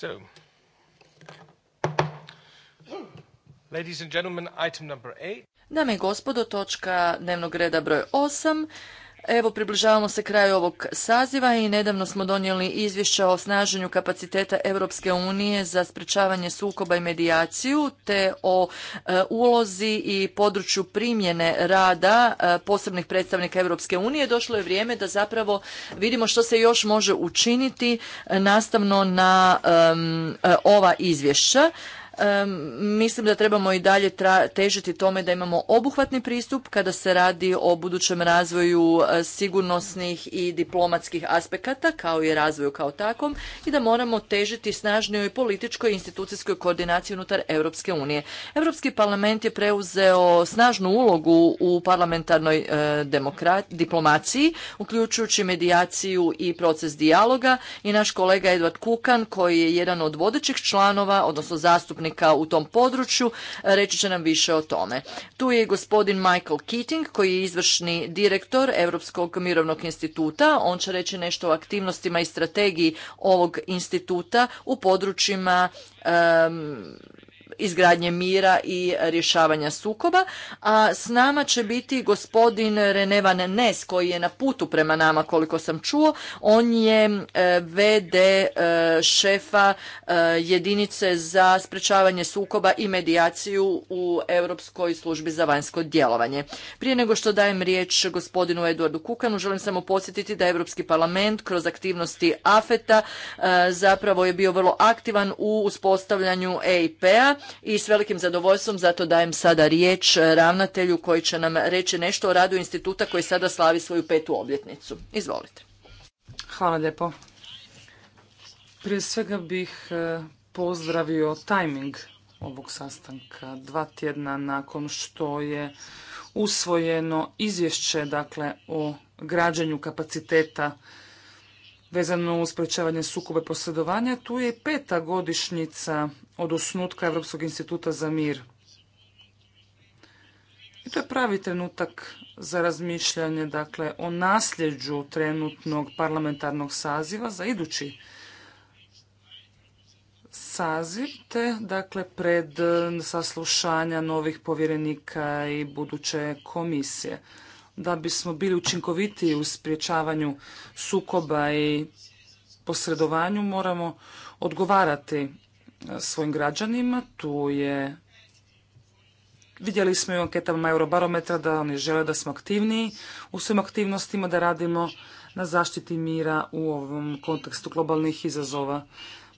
So, ladies and gentlemen, item number eight. Dame i gospodo, točka dnevnog reda broj 8. Evo, približavamo se kraju ovog saziva i nedavno smo donijeli izvješća o snaženju kapaciteta Europske unije za sprečavanje sukoba i medijaciju, te o e, ulozi i području primjene rada e, posebnih predstavnika Europske unije. Došlo je vrijeme da zapravo vidimo što se još može učiniti e, nastavno na ova izvješća. Mislim da trebamo i dalje težiti tome da imamo obuhvatni pristup kada se radi o budućem razvoju e, sigurnosnih i diplomatskih aspekata kao i razvoju kao takvom i da moramo težiti snažnijoj političkoj i institucijskoj koordinaciji unutar Europske unije. Europski parlament je preuzeo snažnu ulogu u parlamentarnoj e, diplomaciji, uključujući medijaciju i proces dijaloga i naš kolega Edward Kukan koji je jedan od vodećih članova, odnosno zastupnika zastupnika u tom području, reći će nam više o tome. Tu je gospodin Michael Keating koji je izvršni direktor Europskog mirovnog instituta. On će reći nešto o aktivnostima i strategiji ovog instituta u područjima izgradnje mira i rješavanja sukoba, a s nama će biti gospodin Renevan Nes koji je na putu prema nama koliko sam čuo. On je e, VD e, šefa e, jedinice za sprečavanje sukoba i medijaciju u Europskoj službi za vanjsko djelovanje. Prije nego što dajem riječ gospodinu Eduardu Kukanu, želim samo podsjetiti da Europski parlament kroz aktivnosti AFETA zapravo je bio vrlo aktivan u uspostavljanju EIP-a i s velikim zadovoljstvom zato dajem sada riječ e, ravnatelju koji će nam reći nešto o radu instituta koji sada slavi svoju petu obljetnicu. Izvolite. Hvala lijepo. Prije svega bih e, pozdravio tajming ovog sastanka dva tjedna nakon što je usvojeno izvješće dakle o građenju kapaciteta vezano uz sprečavanje sukoba posredovanja. Tu je i peta godišnjica od osnutka Europskog instituta za mir. I to je pravi trenutak za razmišljanje dakle, o nasljeđu trenutnog parlamentarnog saziva za idući saziv, te dakle pred saslušanja novih povjerenika i buduće komisije da bismo bili učinkovitiji u sprječavanju sukoba i posredovanju moramo odgovarati e, svojim građanima. Tu je Vidjeli smo i u anketama Eurobarometra da oni žele da smo aktivniji u svim aktivnostima, da radimo na zaštiti mira u ovom kontekstu globalnih izazova.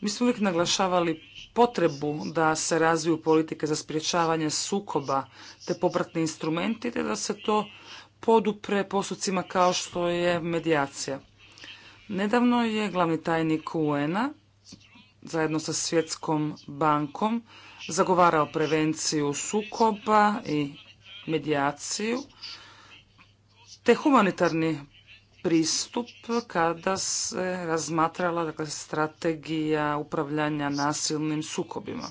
Mi smo uvijek naglašavali potrebu da se razviju politike za sprječavanje sukoba te popratni instrumenti, te da se to podupre postupcima kao što je medijacija. Nedavno je glavni tajnik UN-a zajedno sa Svjetskom bankom zagovarao prevenciju sukoba i medijaciju te humanitarni pristup kada se razmatrala dakle, strategija upravljanja nasilnim sukobima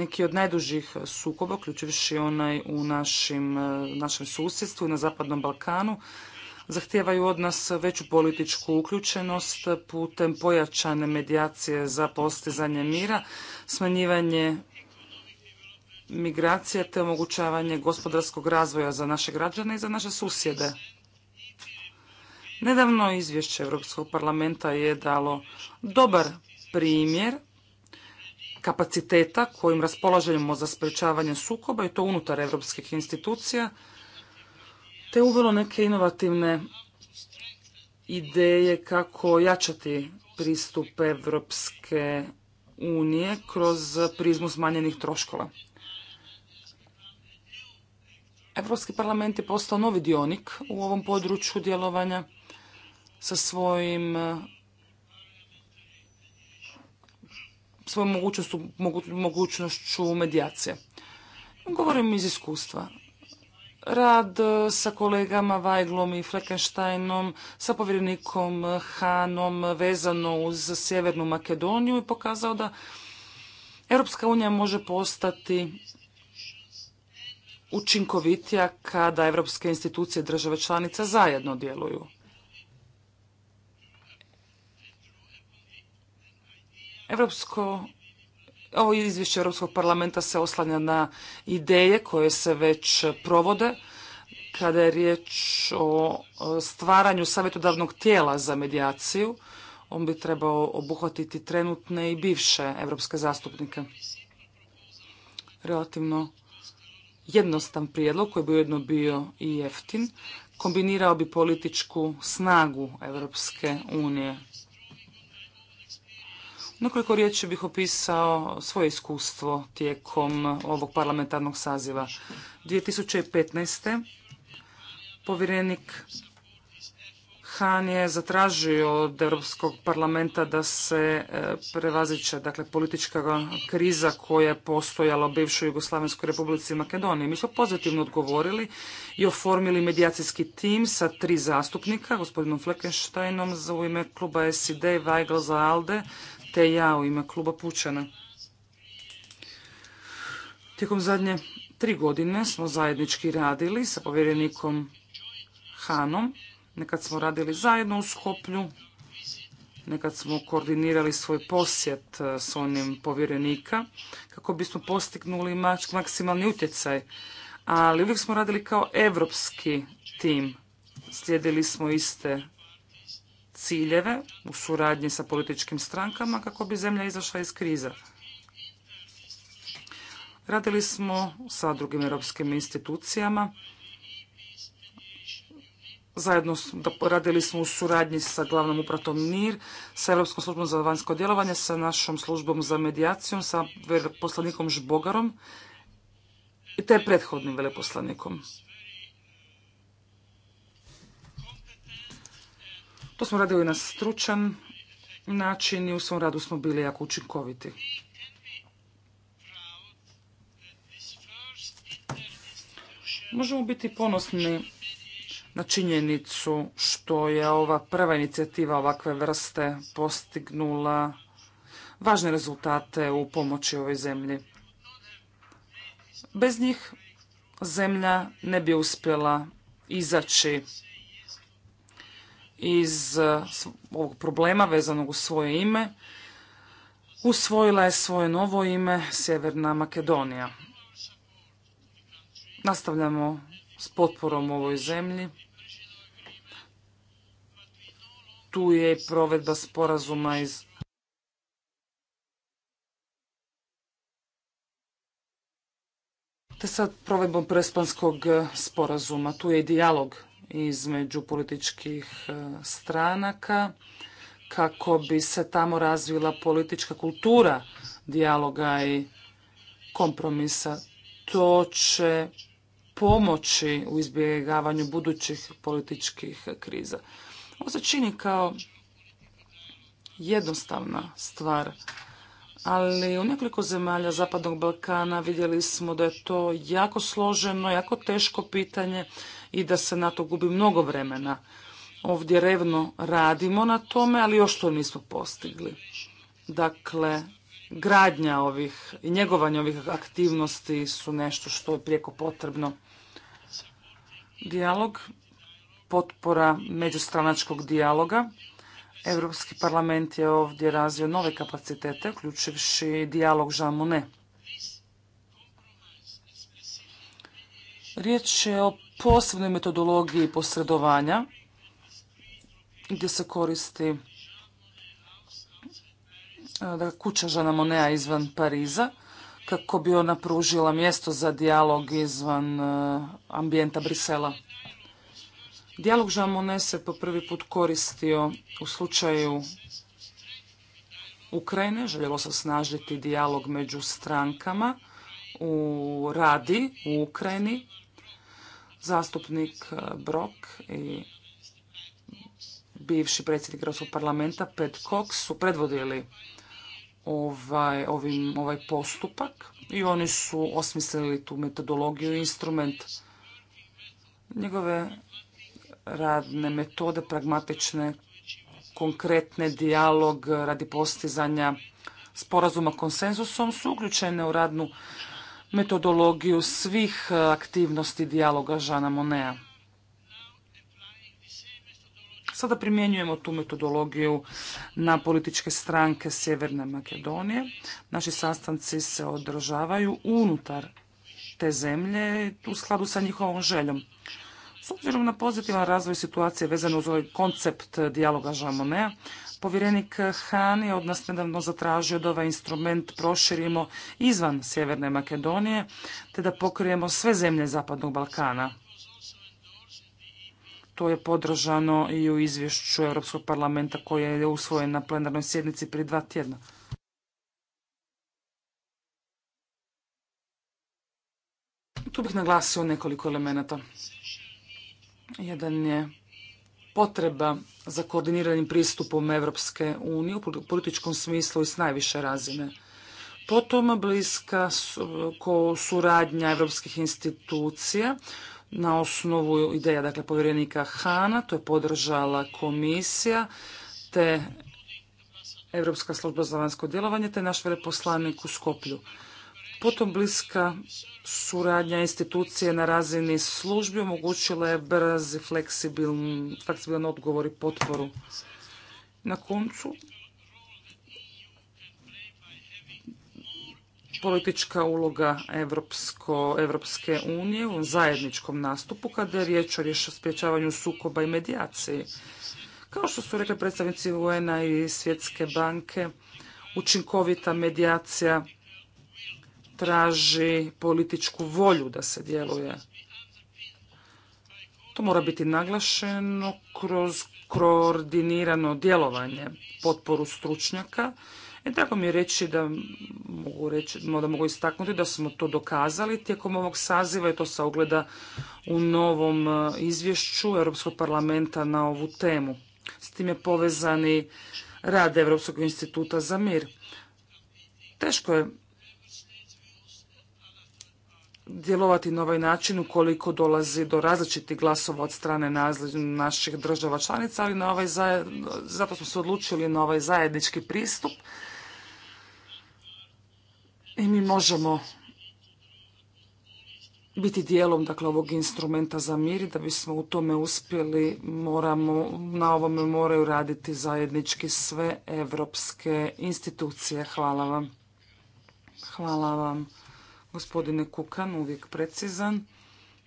neki od najdužih sukoba, uključivši onaj u e, našem susjedstvu i na Zapadnom Balkanu, zahtijevaju od nas veću političku uključenost putem pojačane medijacije za postizanje mira, smanjivanje migracija te omogućavanje gospodarskog razvoja za naše građane i za naše susjede. Nedavno izvješće Europskog parlamenta je dalo dobar primjer kapaciteta kojim raspolažemo za sprečavanje sukoba i to unutar europskih institucija, te uvelo neke inovativne ideje kako jačati pristup Evropske unije kroz prizmu smanjenih troškova. Evropski parlament je postao novi dionik u ovom području djelovanja sa svojim svojom mogućnošću medijacije. Govorim iz iskustva. Rad e, sa kolegama Vajglom i Fleckensteinom, sa povjerenikom Hanom vezano uz Sjevernu Makedoniju i pokazao da Europska unija može postati učinkovitija kada europske institucije države članica zajedno djeluju. ovo izvješće Europskog parlamenta se oslanja na ideje koje se već provode kada je riječ o stvaranju savjetodavnog tijela za medijaciju. On bi trebao obuhvatiti trenutne i bivše europske zastupnike. Relativno jednostan prijedlog koji bi ujedno bio i jeftin kombinirao bi političku snagu Europske unije. Nekoliko riječi bih opisao svoje iskustvo tijekom ovog parlamentarnog saziva. 2015. povjerenik Han je zatražio od Europskog parlamenta da se e, prevaziće dakle, politička kriza koja je postojala u bivšoj Jugoslavenskoj republici Makedoniji. Mi smo pozitivno odgovorili i oformili medijacijski tim sa tri zastupnika, gospodinom Fleckensteinom za u ime kluba SID, Weigl za ALDE, te ja u ime kluba Pučana. Tijekom zadnje tri godine smo zajednički radili sa povjerenikom Hanom. Nekad smo radili zajedno u Skoplju, nekad smo koordinirali svoj posjet e, s onim povjerenika kako bismo postignuli maksimalni utjecaj. Ali uvijek smo radili kao evropski tim. Slijedili smo iste ciljeve u suradnji sa političkim strankama kako bi zemlja izašla iz krize. Radili smo sa drugim europskim institucijama, zajedno radili smo u suradnji sa glavnom upratom NIR, sa Europskom službom za vanjsko djelovanje, sa našom službom za medijacijom, sa veleposlanikom Žbogarom i te prethodnim veleposlanikom. To smo radili na stručan način i u svom radu smo bili jako učinkoviti. Možemo biti ponosni na činjenicu što je ova prva inicijativa ovakve vrste postignula važne rezultate u pomoći ovoj zemlji. Bez njih zemlja ne bi uspjela izaći iz eh, ovog problema vezanog u svoje ime, usvojila je svoje novo ime Sjeverna Makedonija. Nastavljamo s potporom ovoj zemlji. Tu je i provedba sporazuma iz te sad provedbom prespanskog eh, sporazuma. Tu je i dijalog između političkih e, stranaka kako bi se tamo razvila politička kultura dijaloga i kompromisa. To će pomoći u izbjegavanju budućih političkih kriza. Ovo se čini kao jednostavna stvar, ali u nekoliko zemalja Zapadnog Balkana vidjeli smo da je to jako složeno, jako teško pitanje i da se na to gubi mnogo vremena. Ovdje revno radimo na tome, ali još to nismo postigli. Dakle, gradnja ovih i njegovanje ovih aktivnosti su nešto što je prijeko potrebno. Dijalog, potpora međustranačkog dijaloga. Europski parlament je ovdje razvio nove kapacitete, uključivši dijalog Jean Monnet. Riječ je o posebnoj metodologiji posredovanja gdje se koristi e, kuća Žana Monea izvan Pariza kako bi ona pružila mjesto za dijalog izvan e, ambijenta Brisela. Dijalog Žana Monea se po prvi put koristio u slučaju Ukrajine. Željelo se snažiti dijalog među strankama u radi u Ukrajini Zastupnik e, Brok i bivši predsjednik Europskog parlamenta Pet Cox su predvodili ovaj, ovim, ovaj postupak i oni su osmislili tu metodologiju i instrument njegove radne metode, pragmatične, konkretne, dijalog radi postizanja sporazuma konsenzusom su uključene u radnu metodologiju svih e, aktivnosti dijaloga Žana Monea. Sada primjenjujemo tu metodologiju na političke stranke Sjeverne Makedonije. Naši sastanci se održavaju unutar te zemlje u skladu sa njihovom željom. S obzirom na pozitivan razvoj situacije vezano uz ovaj koncept dijaloga Žamonea, povjerenik Han je od nas nedavno zatražio da ovaj instrument proširimo izvan Sjeverne Makedonije te da pokrijemo sve zemlje Zapadnog Balkana. To je podržano i u izvješću Europskog parlamenta koje je usvojen na plenarnoj sjednici prije dva tjedna. Tu bih naglasio nekoliko elemenata. Jedan je potreba za koordiniranim pristupom Evropske unije u političkom smislu i s najviše razine. Potom bliska suradnja evropskih institucija na osnovu ideja dakle, povjerenika Hana, to je podržala komisija, te Europska služba za vanjsko djelovanje, te naš veleposlanik u Skoplju. Potom bliska suradnja institucije na razini službi omogućila je brz i fleksibilan, odgovor i potporu. Na koncu, politička uloga Evropske unije u zajedničkom nastupu kada je riječ o sprječavanju sukoba i medijaciji. Kao što su rekli predstavnici UN-a i Svjetske banke, učinkovita medijacija traži političku volju da se djeluje. To mora biti naglašeno kroz koordinirano djelovanje, potporu stručnjaka. i e, tako mi je reći da mogu, reći, da mogu istaknuti da smo to dokazali tijekom ovog saziva i to se ogleda u novom e, izvješću Europskog parlamenta na ovu temu. S tim je povezani rad Europskog instituta za mir. Teško je djelovati na ovaj način ukoliko dolazi do različitih glasova od strane naših država članica, ali na ovaj zato smo se odlučili na ovaj zajednički pristup. I mi možemo biti dijelom dakle, ovog instrumenta za mir i da bismo u tome uspjeli na ovome moraju raditi zajednički sve evropske institucije. Hvala vam. Hvala vam gospodine Kukan, uvijek precizan.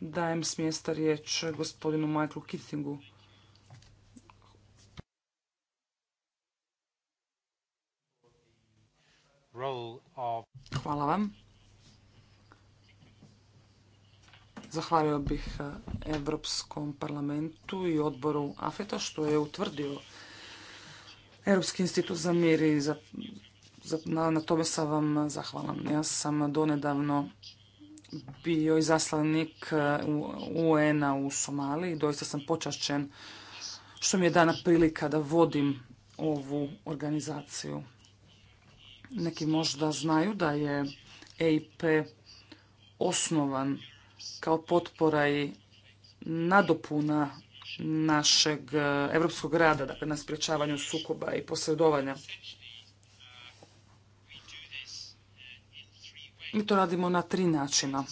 Dajem s mjesta riječ gospodinu Michaelu Kittingu. Hvala vam. Zahvalio bih Europskom parlamentu i odboru AFETA što je utvrdio Europski institut za mir i za na, tome sam vam zahvalan. Ja sam donedavno bio izaslanik e, UN-a u Somaliji. Doista sam počašćen što mi je dana prilika da vodim ovu organizaciju. Neki možda znaju da je EIP osnovan kao potpora i nadopuna našeg e, evropskog rada, dakle na sprječavanju sukoba i posredovanja. Mi to radimo na tri načina.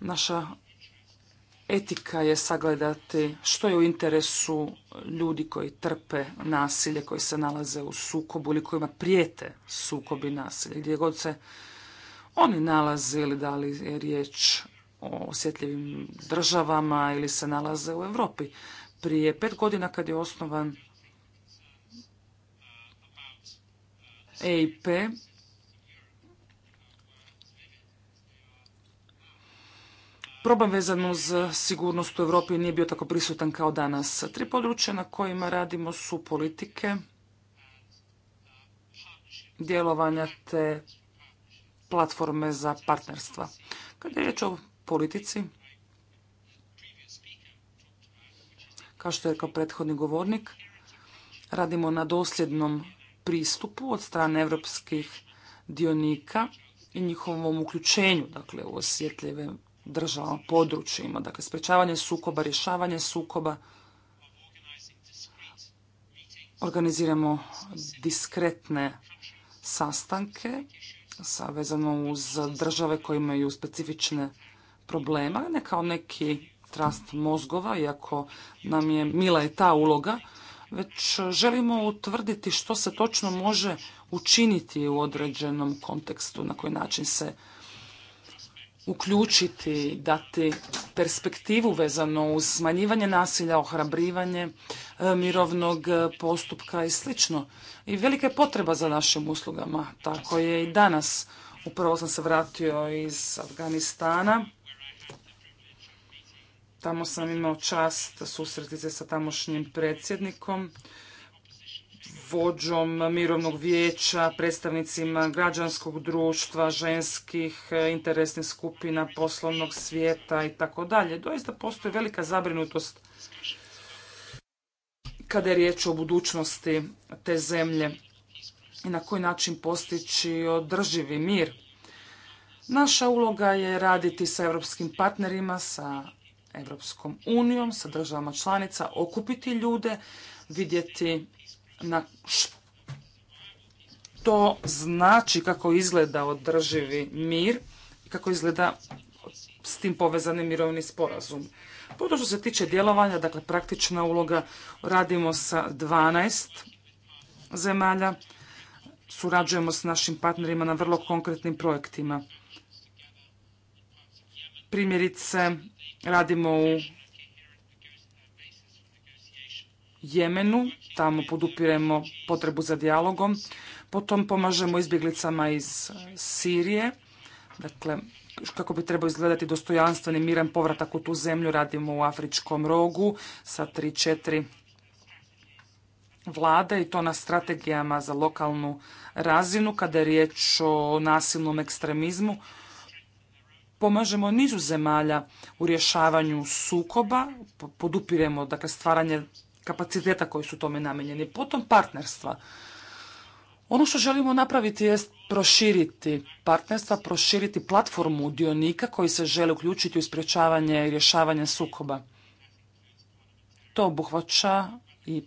Naša etika je sagledati što je u interesu ljudi koji trpe nasilje, koji se nalaze u sukobu ili kojima prijete sukobi nasilja. Gdje god se oni nalaze ili da li je riječ o osjetljivim državama ili se nalaze u Europi. Prije pet godina kad je osnovan EIP Problem vezan uz sigurnost u Europi nije bio tako prisutan kao danas. Tri područja na kojima radimo su politike, djelovanja te platforme za partnerstva. Kada je riječ o politici, kao što je rekao prethodni govornik, radimo na dosljednom pristupu od strane europskih dionika i njihovom uključenju dakle, u osjetljive država područjima, dakle sprečavanje sukoba, rješavanje sukoba. Organiziramo diskretne sastanke sa vezano uz države koje imaju specifične problema, ne kao neki trast mozgova, iako nam je mila je ta uloga, već želimo utvrditi što se točno može učiniti u određenom kontekstu, na koji način se uključiti, dati perspektivu vezano uz smanjivanje nasilja, ohrabrivanje e, mirovnog postupka i sl. I velika je potreba za našim uslugama. Tako je i danas. Upravo sam se vratio iz Afganistana Tamo sam imao čast susreti se sa tamošnjim predsjednikom, vođom mirovnog vijeća, predstavnicima građanskog društva, ženskih interesnih skupina, poslovnog svijeta i tako dalje. Doista postoji velika zabrinutost kada je riječ o budućnosti te zemlje i na koji način postići održivi mir. Naša uloga je raditi sa europskim partnerima, sa Europskom unijom, sa državama članica, okupiti ljude, vidjeti na što znači kako izgleda održivi mir i kako izgleda s tim povezani mirovni sporazum. Potom što se tiče djelovanja, dakle praktična uloga, radimo sa 12 zemalja, surađujemo s našim partnerima na vrlo konkretnim projektima. Primjerice, Radimo u Jemenu, tamo podupiremo potrebu za dijalogom, potom pomažemo izbjeglicama iz Sirije, dakle kako bi trebao izgledati dostojanstveni miran povratak u tu zemlju, radimo u Afričkom rogu sa 3-4 vlade i to na strategijama za lokalnu razinu kada je riječ o nasilnom ekstremizmu pomažemo nizu zemalja u rješavanju sukoba, podupiremo dakle, stvaranje kapaciteta koji su tome namenjeni, potom partnerstva. Ono što želimo napraviti je proširiti partnerstva, proširiti platformu dionika koji se žele uključiti u sprječavanje i rješavanje sukoba. To obuhvaća i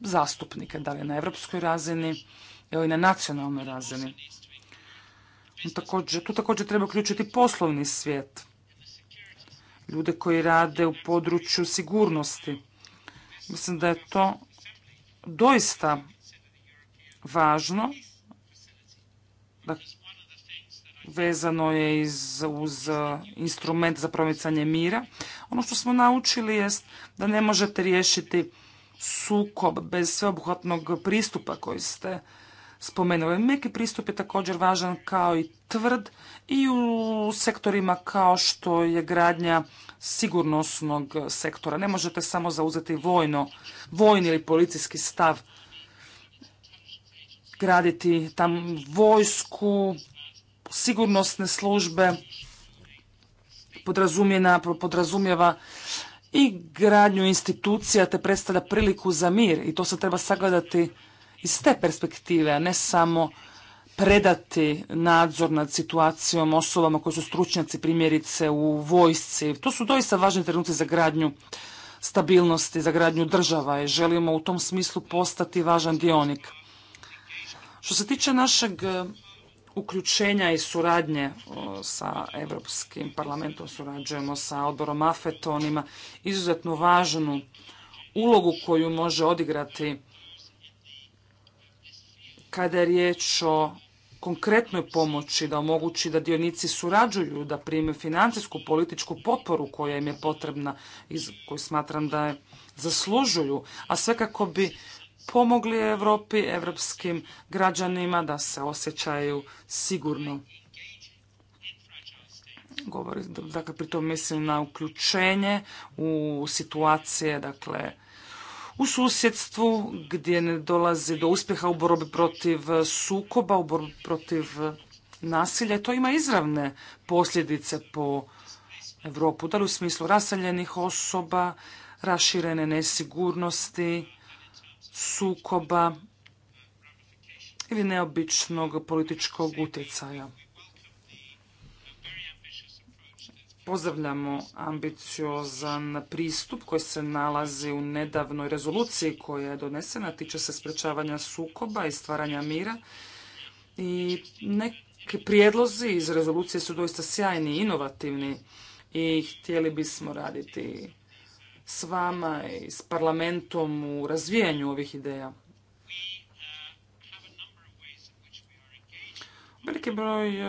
zastupnike, da li na europskoj razini ili na nacionalnoj razini. Također, tu također treba uključiti poslovni svijet, ljude koji rade u području sigurnosti. Mislim da je to doista važno. vezano je iz, uz uh, instrument za promicanje mira. Ono što smo naučili jest da ne možete riješiti sukob bez sveobuhvatnog pristupa koji ste spomenuli. Meki pristup je također važan kao i tvrd i u sektorima kao što je gradnja sigurnosnog sektora. Ne možete samo zauzeti vojno, vojni ili policijski stav, graditi tam vojsku, sigurnosne službe, podrazumjeva i gradnju institucija te predstavlja priliku za mir i to se treba sagledati iz te perspektive, a ne samo predati nadzor nad situacijom osobama koji su stručnjaci primjerice u vojsci. To su doista važni trenuci za gradnju stabilnosti, za gradnju država i želimo u tom smislu postati važan dionik. Što se tiče našeg e, uključenja i suradnje sa Europskim parlamentom, surađujemo sa odborom AFET, on ima izuzetno važnu ulogu koju može odigrati kada je riječ o konkretnoj pomoći da omogući da dionici surađuju, da prime financijsku političku potporu koja im je potrebna i koju smatram da je zaslužuju, a sve kako bi pomogli Europi, evropskim građanima da se osjećaju sigurno. Govori, dakle, pritom mislim na uključenje u situacije, dakle, u susjedstvu gdje ne dolazi do uspjeha u borbi protiv sukoba, u borbi protiv nasilja to ima izravne posljedice po Europu, da li u smislu raseljenih osoba, raširene nesigurnosti, sukoba ili neobičnog političkog utjecaja. Pozdravljamo ambiciozan pristup koji se nalazi u nedavnoj rezoluciji koja je donesena, tiče se sprečavanja sukoba i stvaranja mira. I neki prijedlozi iz rezolucije su doista sjajni i inovativni i htjeli bismo raditi s vama i s parlamentom u razvijanju ovih ideja. veliki broj e,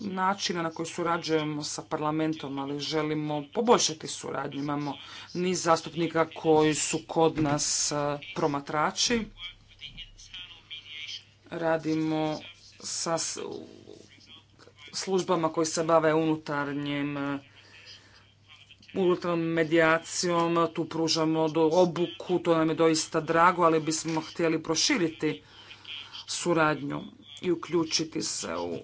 načina na koji surađujemo sa parlamentom, ali želimo poboljšati suradnju. Imamo niz zastupnika koji su kod nas e, promatrači. Radimo sa službama koji se bave unutarnjim e, unutarnjom medijacijom, tu pružamo do obuku, to nam je doista drago, ali bismo htjeli proširiti suradnju i uključiti se u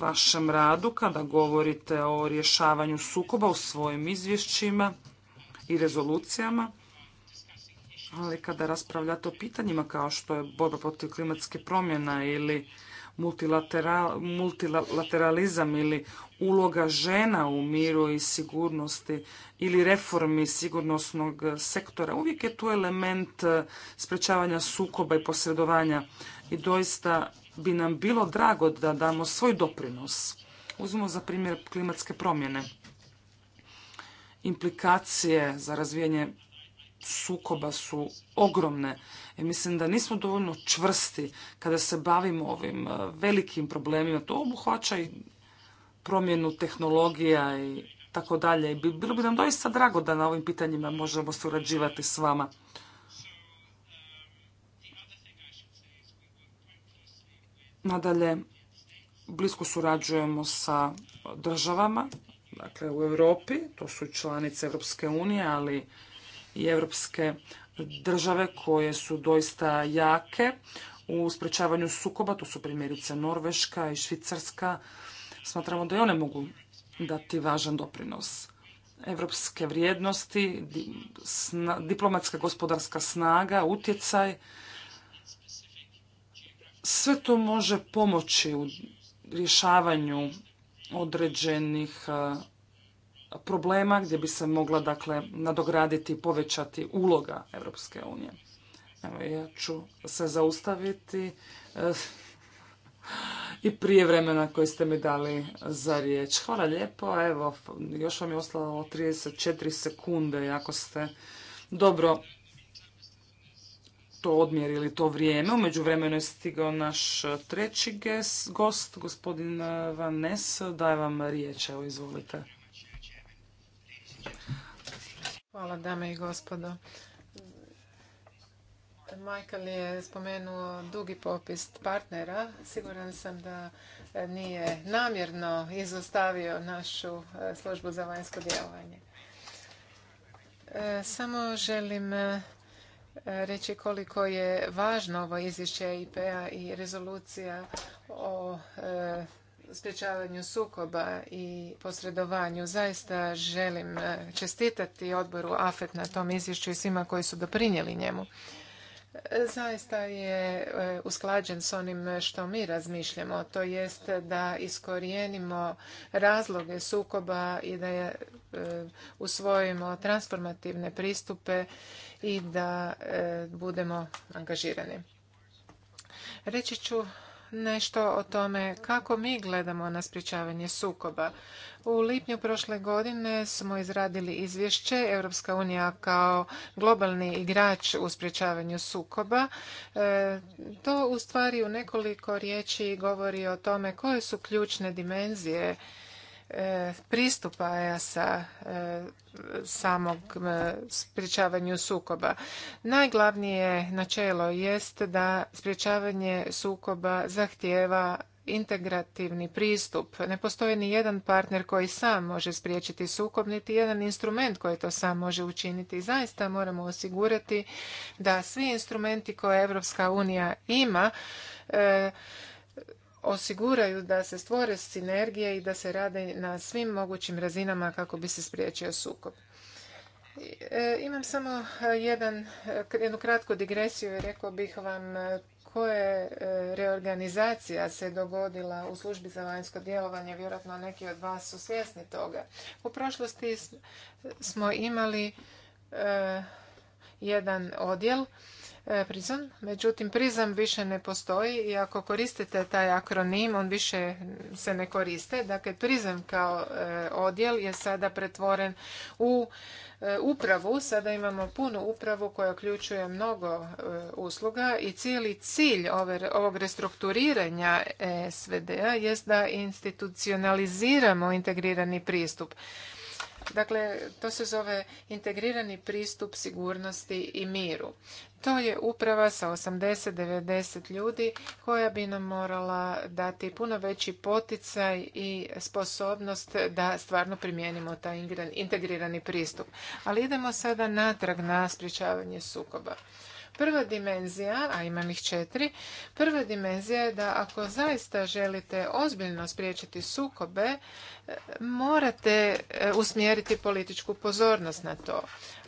vašem radu kada govorite o rješavanju sukoba u svojim izvješćima i rezolucijama. Ali kada raspravljate o pitanjima kao što je borba protiv klimatske promjena ili multilateralizam ili uloga žena u miru i sigurnosti ili reformi sigurnosnog sektora, uvijek je tu element eh, sprečavanja sukoba i posredovanja. I doista bi nam bilo drago da damo svoj doprinos. Uzmimo za primjer klimatske promjene. Implikacije za razvijanje sukoba su ogromne. I mislim da nismo dovoljno čvrsti kada se bavimo ovim e, velikim problemima. To obuhvaća i promjenu tehnologija i tako dalje. Bilo bi nam doista drago da na ovim pitanjima možemo surađivati s vama. Nadalje, blisko surađujemo sa državama, dakle u Europi, to su članice Europske unije, ali i europske države koje su doista jake u sprečavanju sukoba, to su primjerice Norveška i Švicarska. Smatramo da i one mogu dati važan doprinos. Evropske vrijednosti, diplomatska gospodarska snaga, utjecaj, sve to može pomoći u rješavanju određenih e, problema gdje bi se mogla dakle nadograditi i povećati uloga Europske unije. Evo, ja ću se zaustaviti e, i prije vremena koje ste mi dali za riječ. Hvala lijepo, evo, još vam je ostalo 34 sekunde, ako ste dobro to odmjer to vrijeme. Umeđu vremenu je stigao naš treći gost, gospodin Van Nes. Daj vam riječ, evo izvolite. Hvala dame i gospodo. Michael je spomenuo dugi popis partnera. Siguran sam da nije namjerno izostavio našu e, službu za vanjsko djelovanje. E, samo želim e, reći koliko je važno ovo izvješće IPA i rezolucija o e, sprječavanju sukoba i posredovanju. Zaista želim e, čestitati odboru AFET na tom izvješću i svima koji su doprinijeli njemu. E, zaista je usklađen s onim što mi razmišljamo, to jest da iskorijenimo razloge sukoba i da usvojimo transformativne pristupe i da e, budemo angažirani. Reći ću nešto o tome kako mi gledamo na sprječavanje sukoba. U lipnju prošle godine smo izradili izvješće Europska unija kao globalni igrač u sprječavanju sukoba. E, to u stvari u nekoliko riječi govori o tome koje su ključne dimenzije E, pristupa EAS-a e, samog e, sprječavanju sukoba. Najglavnije načelo jest da sprječavanje sukoba zahtijeva integrativni pristup. Ne postoji ni jedan partner koji sam može spriječiti sukob, niti jedan instrument koji to sam može učiniti. Zaista moramo osigurati da svi instrumenti koje Europska unija ima osiguraju da se stvore sinergije i da se rade na svim mogućim razinama kako bi se spriječio sukob. E, imam samo e, jedan, e, jednu kratku digresiju i rekao bih vam koje reorganizacija se dogodila u službi za vanjsko djelovanje. Vjerojatno neki od vas su svjesni toga. U prošlosti smo imali jedan odjel E, Prizam. Međutim, PRIZEM više ne postoji i ako koristite taj akronim, on više se ne koriste. Dakle, PRIZEM kao e, odjel je sada pretvoren u e, upravu. Sada imamo punu upravu koja uključuje mnogo usluga i cijeli cilj ovog restrukturiranja SVD-a jest da institucionaliziramo integrirani pristup. Dakle, to se zove integrirani pristup sigurnosti i miru. To je uprava sa 80-90 ljudi koja bi nam morala dati puno veći poticaj i sposobnost da stvarno primijenimo taj integrirani pristup. Ali idemo sada natrag na sprječavanje sukoba. Prva dimenzija, a imam ih četiri, prva dimenzija je da ako zaista želite ozbiljno spriječiti sukobe, morate e, usmjeriti političku pozornost na to.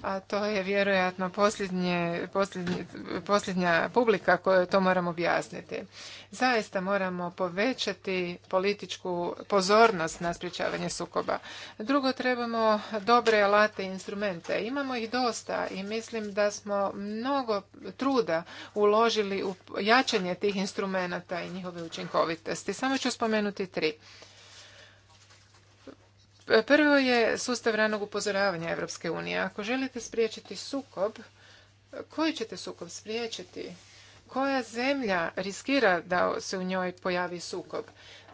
A to je vjerojatno posljednje, posljednje, posljednja publika koju to moram objasniti. Zaista moramo povećati političku pozornost na sprječavanje sukoba. Drugo, trebamo dobre alate i instrumente. Imamo ih dosta i mislim da smo mnogo truda uložili u jačanje tih instrumenata i njihove učinkovitosti. Samo ću spomenuti tri. Prvo je sustav ranog upozoravanja Europske unije. Ako želite spriječiti sukob, koji ćete sukob spriječiti? Koja zemlja riskira da se u njoj pojavi sukob?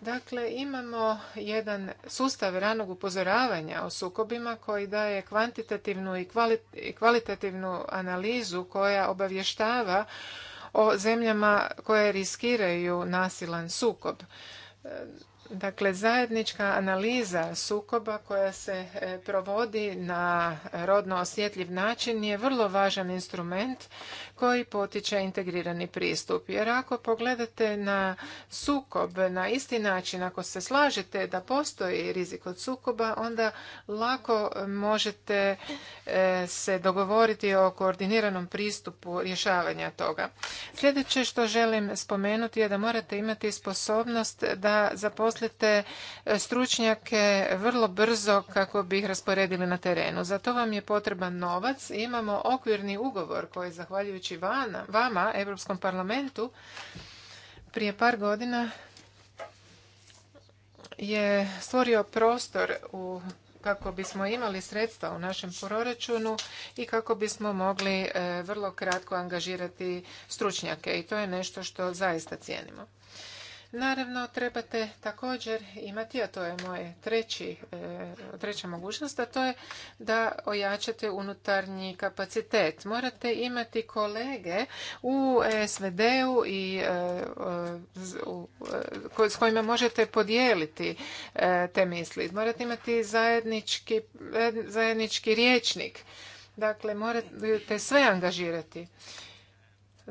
Dakle, imamo jedan sustav ranog upozoravanja o sukobima koji daje kvantitativnu i kvalitativnu analizu koja obavještava o zemljama koje riskiraju nasilan sukob. Dakle, zajednička analiza sukoba koja se e, provodi na rodno osjetljiv način je vrlo važan instrument koji potiče integrirani pristup. Jer ako pogledate na sukob na isti način, ako se slažete da postoji rizik od sukoba, onda lako možete e, se dogovoriti o koordiniranom pristupu rješavanja toga. Sljedeće što želim spomenuti je da morate imati sposobnost da zaposlite te e, stručnjake vrlo brzo kako bi ih rasporedili na terenu. Za to vam je potreban novac. Imamo okvirni ugovor koji zahvaljujući vama, Europskom parlamentu, prije par godina je stvorio prostor u kako bismo imali sredstva u našem proračunu i kako bismo mogli e, vrlo kratko angažirati stručnjake i to je nešto što zaista cijenimo. Naravno, trebate također imati, a to je moje treći, e, treća mogućnost, a to je da ojačate unutarnji kapacitet. Morate imati kolege u SVD-u i e, e, s kojima možete podijeliti te misli. Morate imati zajednički, zajednički riječnik. Dakle, morate sve angažirati.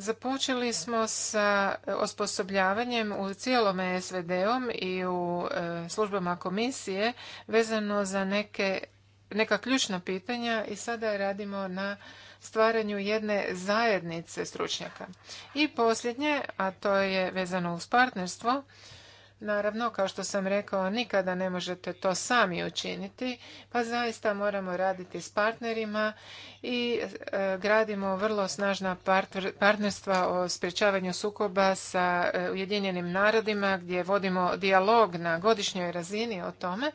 Započeli smo sa osposobljavanjem u cijelom SVD-om i u e, službama komisije vezano za neke, neka ključna pitanja i sada radimo na stvaranju jedne zajednice stručnjaka. I posljednje, a to je vezano uz partnerstvo, Naravno, kao što sam rekao, nikada ne možete to sami učiniti, pa zaista moramo raditi s partnerima i e, gradimo vrlo snažna partnerstva o sprječavanju sukoba sa e, Ujedinjenim narodima gdje vodimo dijalog na godišnjoj razini o tome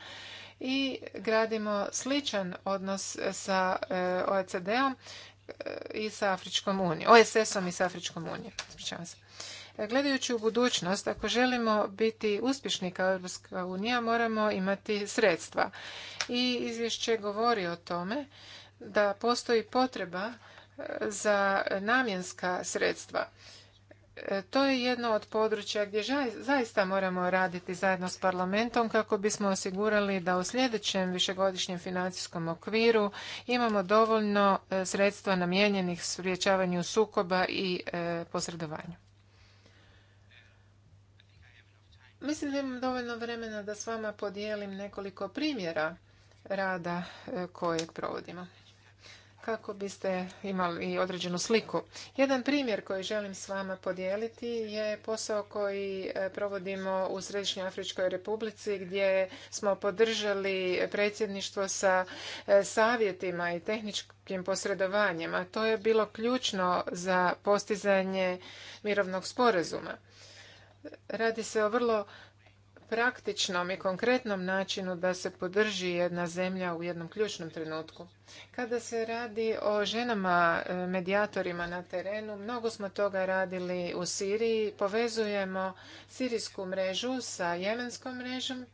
i gradimo sličan odnos sa e, OECD-om i sa Afričkom unijom, OSS-om i sa Afričkom unijom. Ispričavam se. Gledajući u budućnost, ako želimo biti uspješni kao Europska unija, moramo imati sredstva. I izvješće govori o tome da postoji potreba e, za namjenska sredstva. E, to je jedno od područja gdje zaista moramo raditi zajedno s parlamentom kako bismo osigurali da u sljedećem višegodišnjem financijskom okviru imamo dovoljno e, sredstva namijenjenih sprječavanju sukoba i posredovanju. Mislim da imam dovoljno vremena da s vama podijelim nekoliko primjera rada e, kojeg provodimo kako biste imali određenu sliku. Jedan primjer koji želim s vama podijeliti je posao koji e, provodimo u Središnjoj Afričkoj Republici gdje smo podržali predsjedništvo sa e, savjetima i tehničkim posredovanjima. to je bilo ključno za postizanje mirovnog sporazuma. Radi se o vrlo praktičnom i konkretnom načinu da se podrži jedna zemlja u jednom ključnom trenutku. Kada se radi o ženama e, medijatorima na terenu, mnogo smo toga radili u Siriji. Povezujemo sirijsku mrežu sa jemenskom mrežom.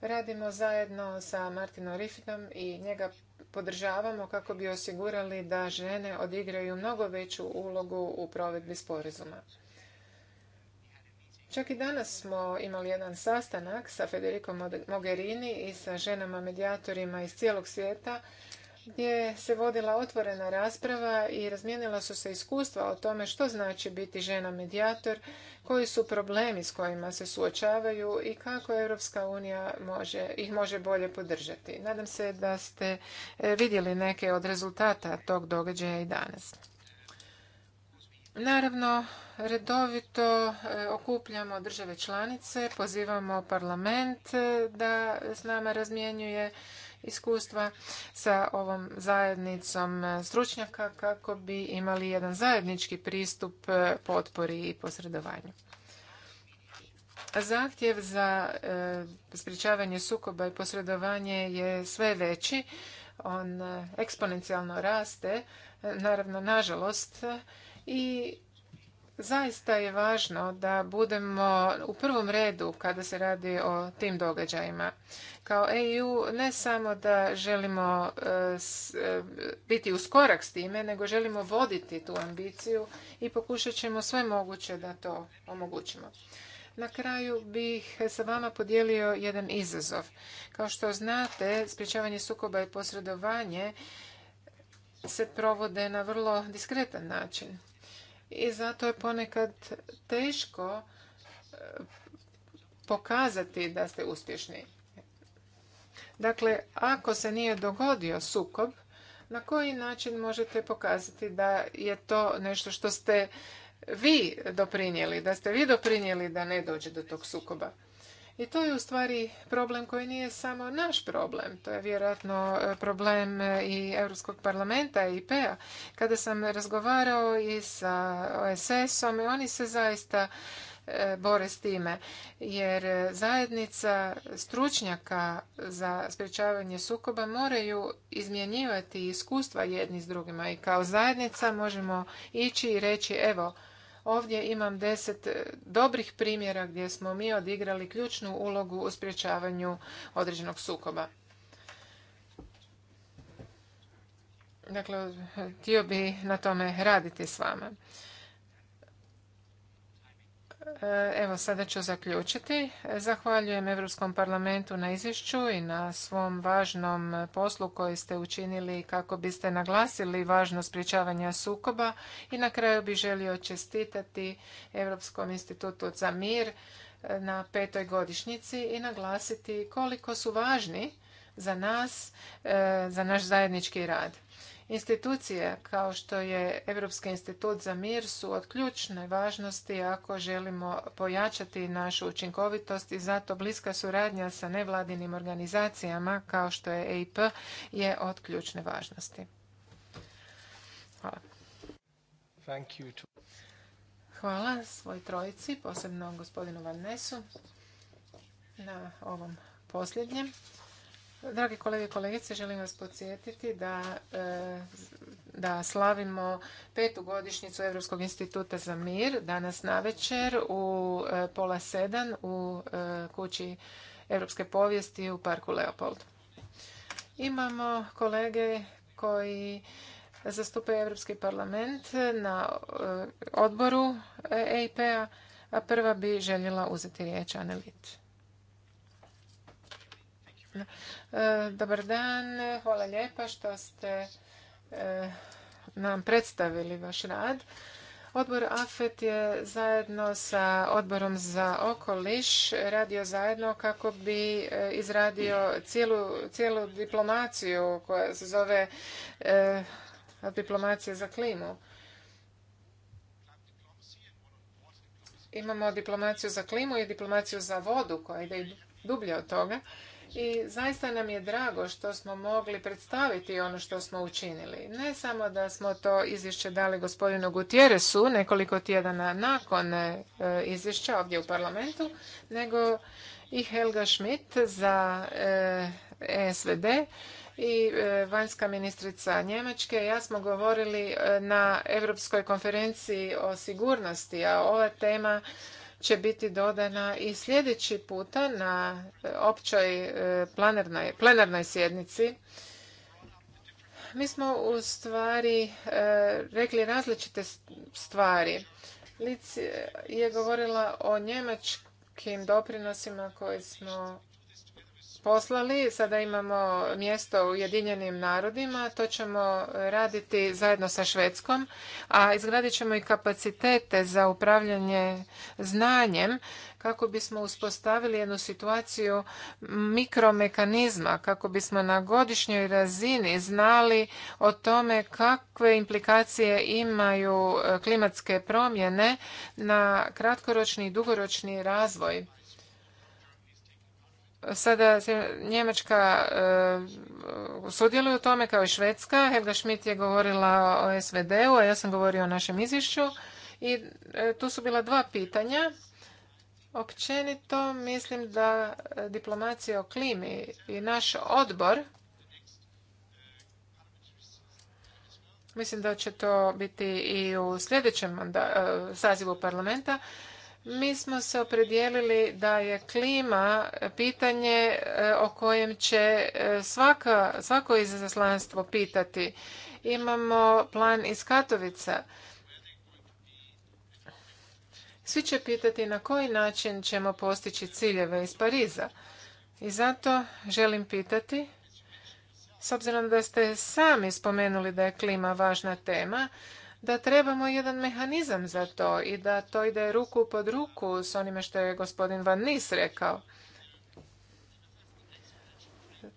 Radimo zajedno sa Martinom Rifinom i njega podržavamo kako bi osigurali da žene odigraju mnogo veću ulogu u provedbi sporazuma. Čak i danas smo imali jedan sastanak sa Federico Mogherini i sa ženama medijatorima iz cijelog svijeta gdje se vodila otvorena rasprava i razmijenila su se iskustva o tome što znači biti žena medijator, koji su problemi s kojima se suočavaju i kako Europska unija može, ih može bolje podržati. Nadam se da ste e, vidjeli neke od rezultata tog događaja i danas. Naravno, redovito e, okupljamo države članice, pozivamo parlament e, da s nama razmijenjuje iskustva sa ovom zajednicom e, stručnjaka kako bi imali jedan zajednički pristup potpori i posredovanju. Zahtjev za sprječavanje sukoba i posredovanje je sve veći, on eksponencijalno raste, naravno nažalost i zaista je važno da budemo u prvom redu kada se radi o tim događajima. Kao EU ne samo da želimo e, e, biti u skorak s time, nego želimo voditi tu ambiciju i pokušat ćemo sve moguće da to omogućimo. Na kraju bih sa vama podijelio jedan izazov. Kao što znate, sprječavanje sukoba i posredovanje se provode na vrlo diskretan način i zato je ponekad teško e, pokazati da ste uspješni. Dakle, ako se nije dogodio sukob, na koji način možete pokazati da je to nešto što ste vi doprinijeli, da ste vi doprinijeli da ne dođe do tog sukoba? I to je u stvari problem koji nije samo naš problem, to je vjerojatno e, problem e, i Europskog parlamenta i IPA. Kada sam razgovarao i sa OSS-om, e, oni se zaista bore s time. Jer zajednica stručnjaka za sprječavanje sukoba moraju izmjenjivati iskustva jedni s drugima i kao zajednica možemo ići i reći evo Ovdje imam deset e, dobrih primjera gdje smo mi odigrali ključnu ulogu u sprječavanju određenog sukoba. Dakle, htio bi na tome raditi s vama. Evo, sada ću zaključiti. Zahvaljujem Europskom parlamentu na izvješću i na svom važnom poslu koji ste učinili kako biste naglasili važnost sprječavanja sukoba i na kraju bih želio čestitati Europskom institutu za mir eh, na petoj godišnjici i naglasiti koliko su važni za nas, eh, za naš zajednički rad. Institucije kao što je Europski institut za mir su od ključne važnosti ako želimo pojačati našu učinkovitost i zato bliska suradnja sa nevladinim organizacijama kao što je EIP je od ključne važnosti. Hvala. Hvala svoj trojici, posebno gospodinu Vannesu na ovom posljednjem. Dragi kolege i kolegice, želim vas podsjetiti da, e, da slavimo petu godišnjicu Europskog instituta za mir danas večer u e, pola sedam u e, kući Europske povijesti u parku Leopold. Imamo kolege koji zastupaju Europski parlament na odboru EIP-a, a prva bi željela uzeti riječ Anelit. E, dobar dan, hvala lijepa što ste e, nam predstavili vaš rad. Odbor AFET je zajedno sa Odborom za okoliš radio zajedno kako bi e, izradio cijelu, diplomaciju koja se zove diplomacija za klimu. Imamo diplomaciju za klimu i diplomaciju za vodu koja ide dublje od toga i zaista nam je drago što smo mogli predstaviti ono što smo učinili. Ne samo da smo to izvješće dali gospodinu Gutjeresu nekoliko tjedana nakon e, izvješća ovdje u parlamentu, nego i Helga Schmidt za e, SVD i e, vanjska ministrica Njemačke. Ja smo govorili na Europskoj konferenciji o sigurnosti, a ova tema će biti dodana i sljedeći puta na e, općoj e, plenarnoj sjednici. Mi smo u stvari e, rekli različite stvari. Lici je govorila o njemačkim doprinosima koje smo poslali. Sada imamo mjesto u Ujedinjenim narodima. To ćemo raditi zajedno sa Švedskom, a izgradit ćemo i kapacitete za upravljanje znanjem kako bismo uspostavili jednu situaciju mikromekanizma, kako bismo na godišnjoj razini znali o tome kakve implikacije imaju e, klimatske promjene na kratkoročni i dugoročni razvoj Sada Njemačka e, sudjeluje u tome kao i Švedska. Helga Schmidt je govorila o SVD-u, a ja sam govorio o našem izvješću. I e, tu su bila dva pitanja. Općenito mislim da e, diplomacija o klimi i naš odbor, mislim da će to biti i u sljedećem sazivu parlamenta, mi smo se opredijelili da je klima pitanje e, o kojem će e, svaka, svako izaslanstvo pitati. Imamo plan iz Katovica. Svi će pitati na koji način ćemo postići ciljeve iz Pariza. I zato želim pitati, s obzirom da ste sami spomenuli da je klima važna tema, da trebamo jedan mehanizam za to i da to ide ruku pod ruku s onime što je gospodin Van Nis rekao.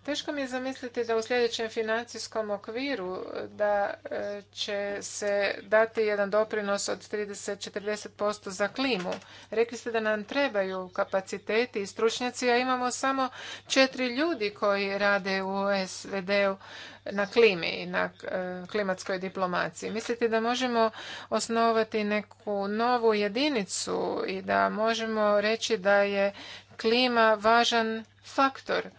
Teško mi je zamisliti da u sljedećem financijskom okviru da e, će se dati jedan doprinos od 30-40% za klimu. Rekli ste da nam trebaju kapaciteti i stručnjaci, a imamo samo četiri ljudi koji rade u SVD-u na klimi, na e, klimatskoj diplomaciji. Mislite da možemo osnovati neku novu jedinicu i da možemo reći da je klima važan faktor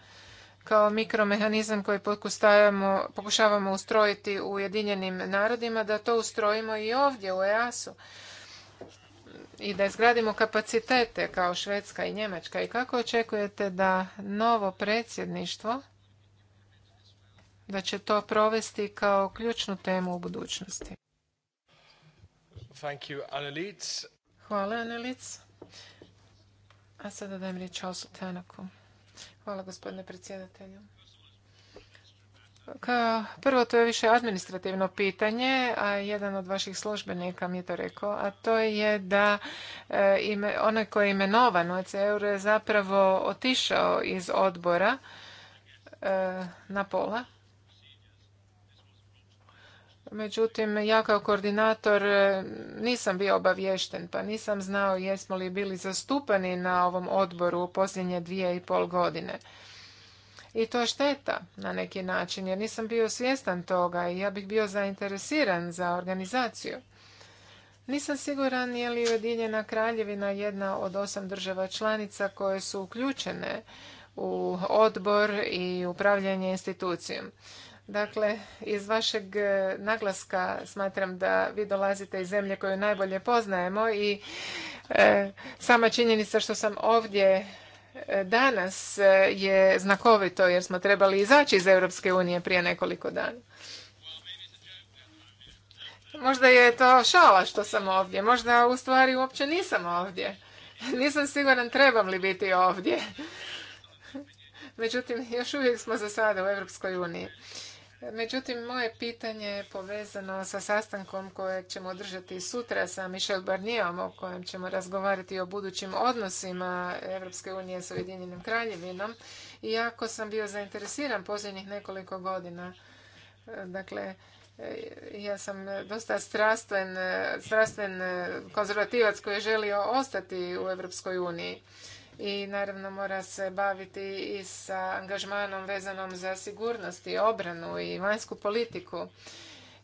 kao mikromehanizam koji pokušavamo ustrojiti u Ujedinjenim narodima, da to ustrojimo i ovdje u EAS-u i da izgradimo kapacitete kao Švedska i Njemačka. I kako očekujete da novo predsjedništvo da će to provesti kao ključnu temu u budućnosti? Thank you, Hvala, A sada dajem riječ Osu Tanaku. Hvala gospodine predsjedatelju. Kao prvo, to je više administrativno pitanje, a jedan od vaših službenika mi je to rekao, a to je da e, onaj koji je imenovan u ECR je zapravo otišao iz odbora e, na pola Međutim, ja kao koordinator e, nisam bio obaviješten, pa nisam znao jesmo li bili zastupani na ovom odboru u posljednje dvije i pol godine. I to je šteta na neki način, jer nisam bio svjestan toga i ja bih bio zainteresiran za organizaciju. Nisam siguran je li Ujedinjena kraljevina jedna od osam država članica koje su uključene u odbor i upravljanje institucijom. Dakle, iz vašeg e, naglaska smatram da vi dolazite iz zemlje koju najbolje poznajemo i e, sama činjenica što sam ovdje e, danas je znakovito jer smo trebali izaći iz Europske unije prije nekoliko dana. Možda je to šala što sam ovdje, možda u stvari uopće nisam ovdje. Nisam siguran trebam li biti ovdje. Međutim, još uvijek smo za sada u Europskoj uniji. Međutim, moje pitanje je povezano sa sastankom kojeg ćemo održati sutra sa Michel Barnijom o kojem ćemo razgovarati o budućim odnosima Evropske unije sa Ujedinjenim kraljevinom. Iako sam bio zainteresiran posljednjih nekoliko godina, dakle, e, ja sam dosta strastven, e, strastven e, konzervativac koji je želio ostati u Evropskoj uniji i naravno mora se baviti i sa angažmanom vezanom za sigurnost i obranu i vanjsku politiku.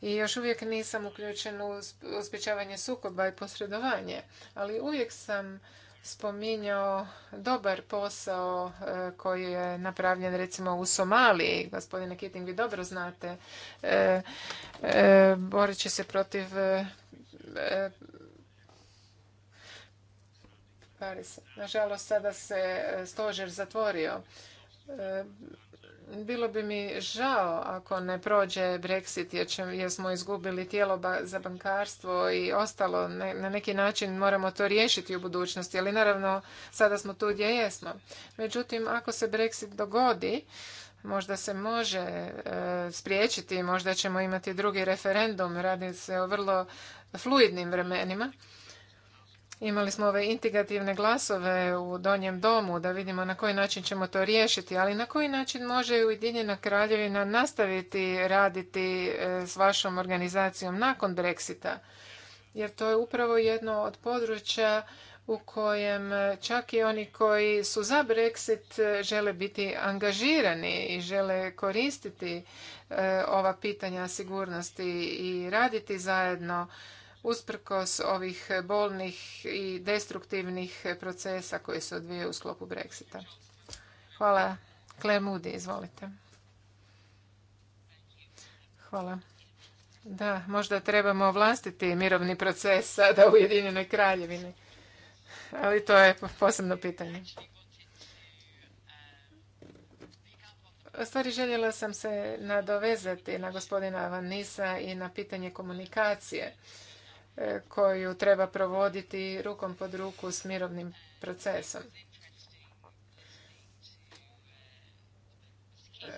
I još uvijek nisam uključen u sprječavanje sukoba i posredovanje, ali uvijek sam spominjao dobar posao e, koji je napravljen recimo u Somaliji. Gospodine Kitting, vi dobro znate. E, e, boreći se protiv Nažalost, sada se e, stožer zatvorio. E, bilo bi mi žao ako ne prođe Brexit jer smo izgubili tijelo za bankarstvo i ostalo. Na neki način moramo to riješiti u budućnosti, ali naravno sada smo tu gdje jesmo. Međutim, ako se Brexit dogodi, možda se može e, spriječiti, možda ćemo imati drugi referendum, radi se o vrlo fluidnim vremenima Imali smo ove integrativne glasove u Donjem domu da vidimo na koji način ćemo to riješiti, ali na koji način može Ujedinjena kraljevina nastaviti raditi e, s vašom organizacijom nakon Brexita? Jer to je upravo jedno od područja u kojem e, čak i oni koji su za Brexit e, žele biti angažirani i žele koristiti ova pitanja sigurnosti i raditi zajedno usprkos ovih bolnih i destruktivnih procesa koji se odvijaju u sklopu Brexita. Hvala. Claire Moody, izvolite. Hvala. Da, možda trebamo vlastiti mirovni proces sada u Ujedinjenoj kraljevini. Ali to je posebno pitanje. U stvari željela sam se nadovezati na gospodina Van Nisa i na pitanje komunikacije. E, koju treba provoditi rukom pod ruku s mirovnim procesom.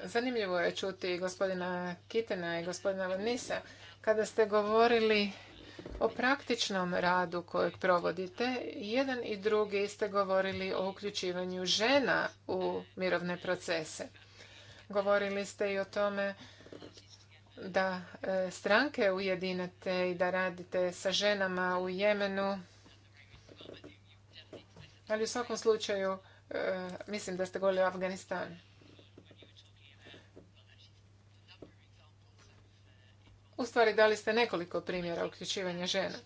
Zanimljivo je čuti gospodina Kitena i gospodina Vanisa kada ste govorili o praktičnom radu kojeg provodite. Jedan i drugi ste govorili o uključivanju žena u mirovne procese. Govorili ste i o tome da e, stranke ujedinate i da radite sa ženama u Jemenu. Ali u svakom slučaju e, mislim da ste govorili o Afganistanu. U stvari dali ste nekoliko primjera uključivanja žena.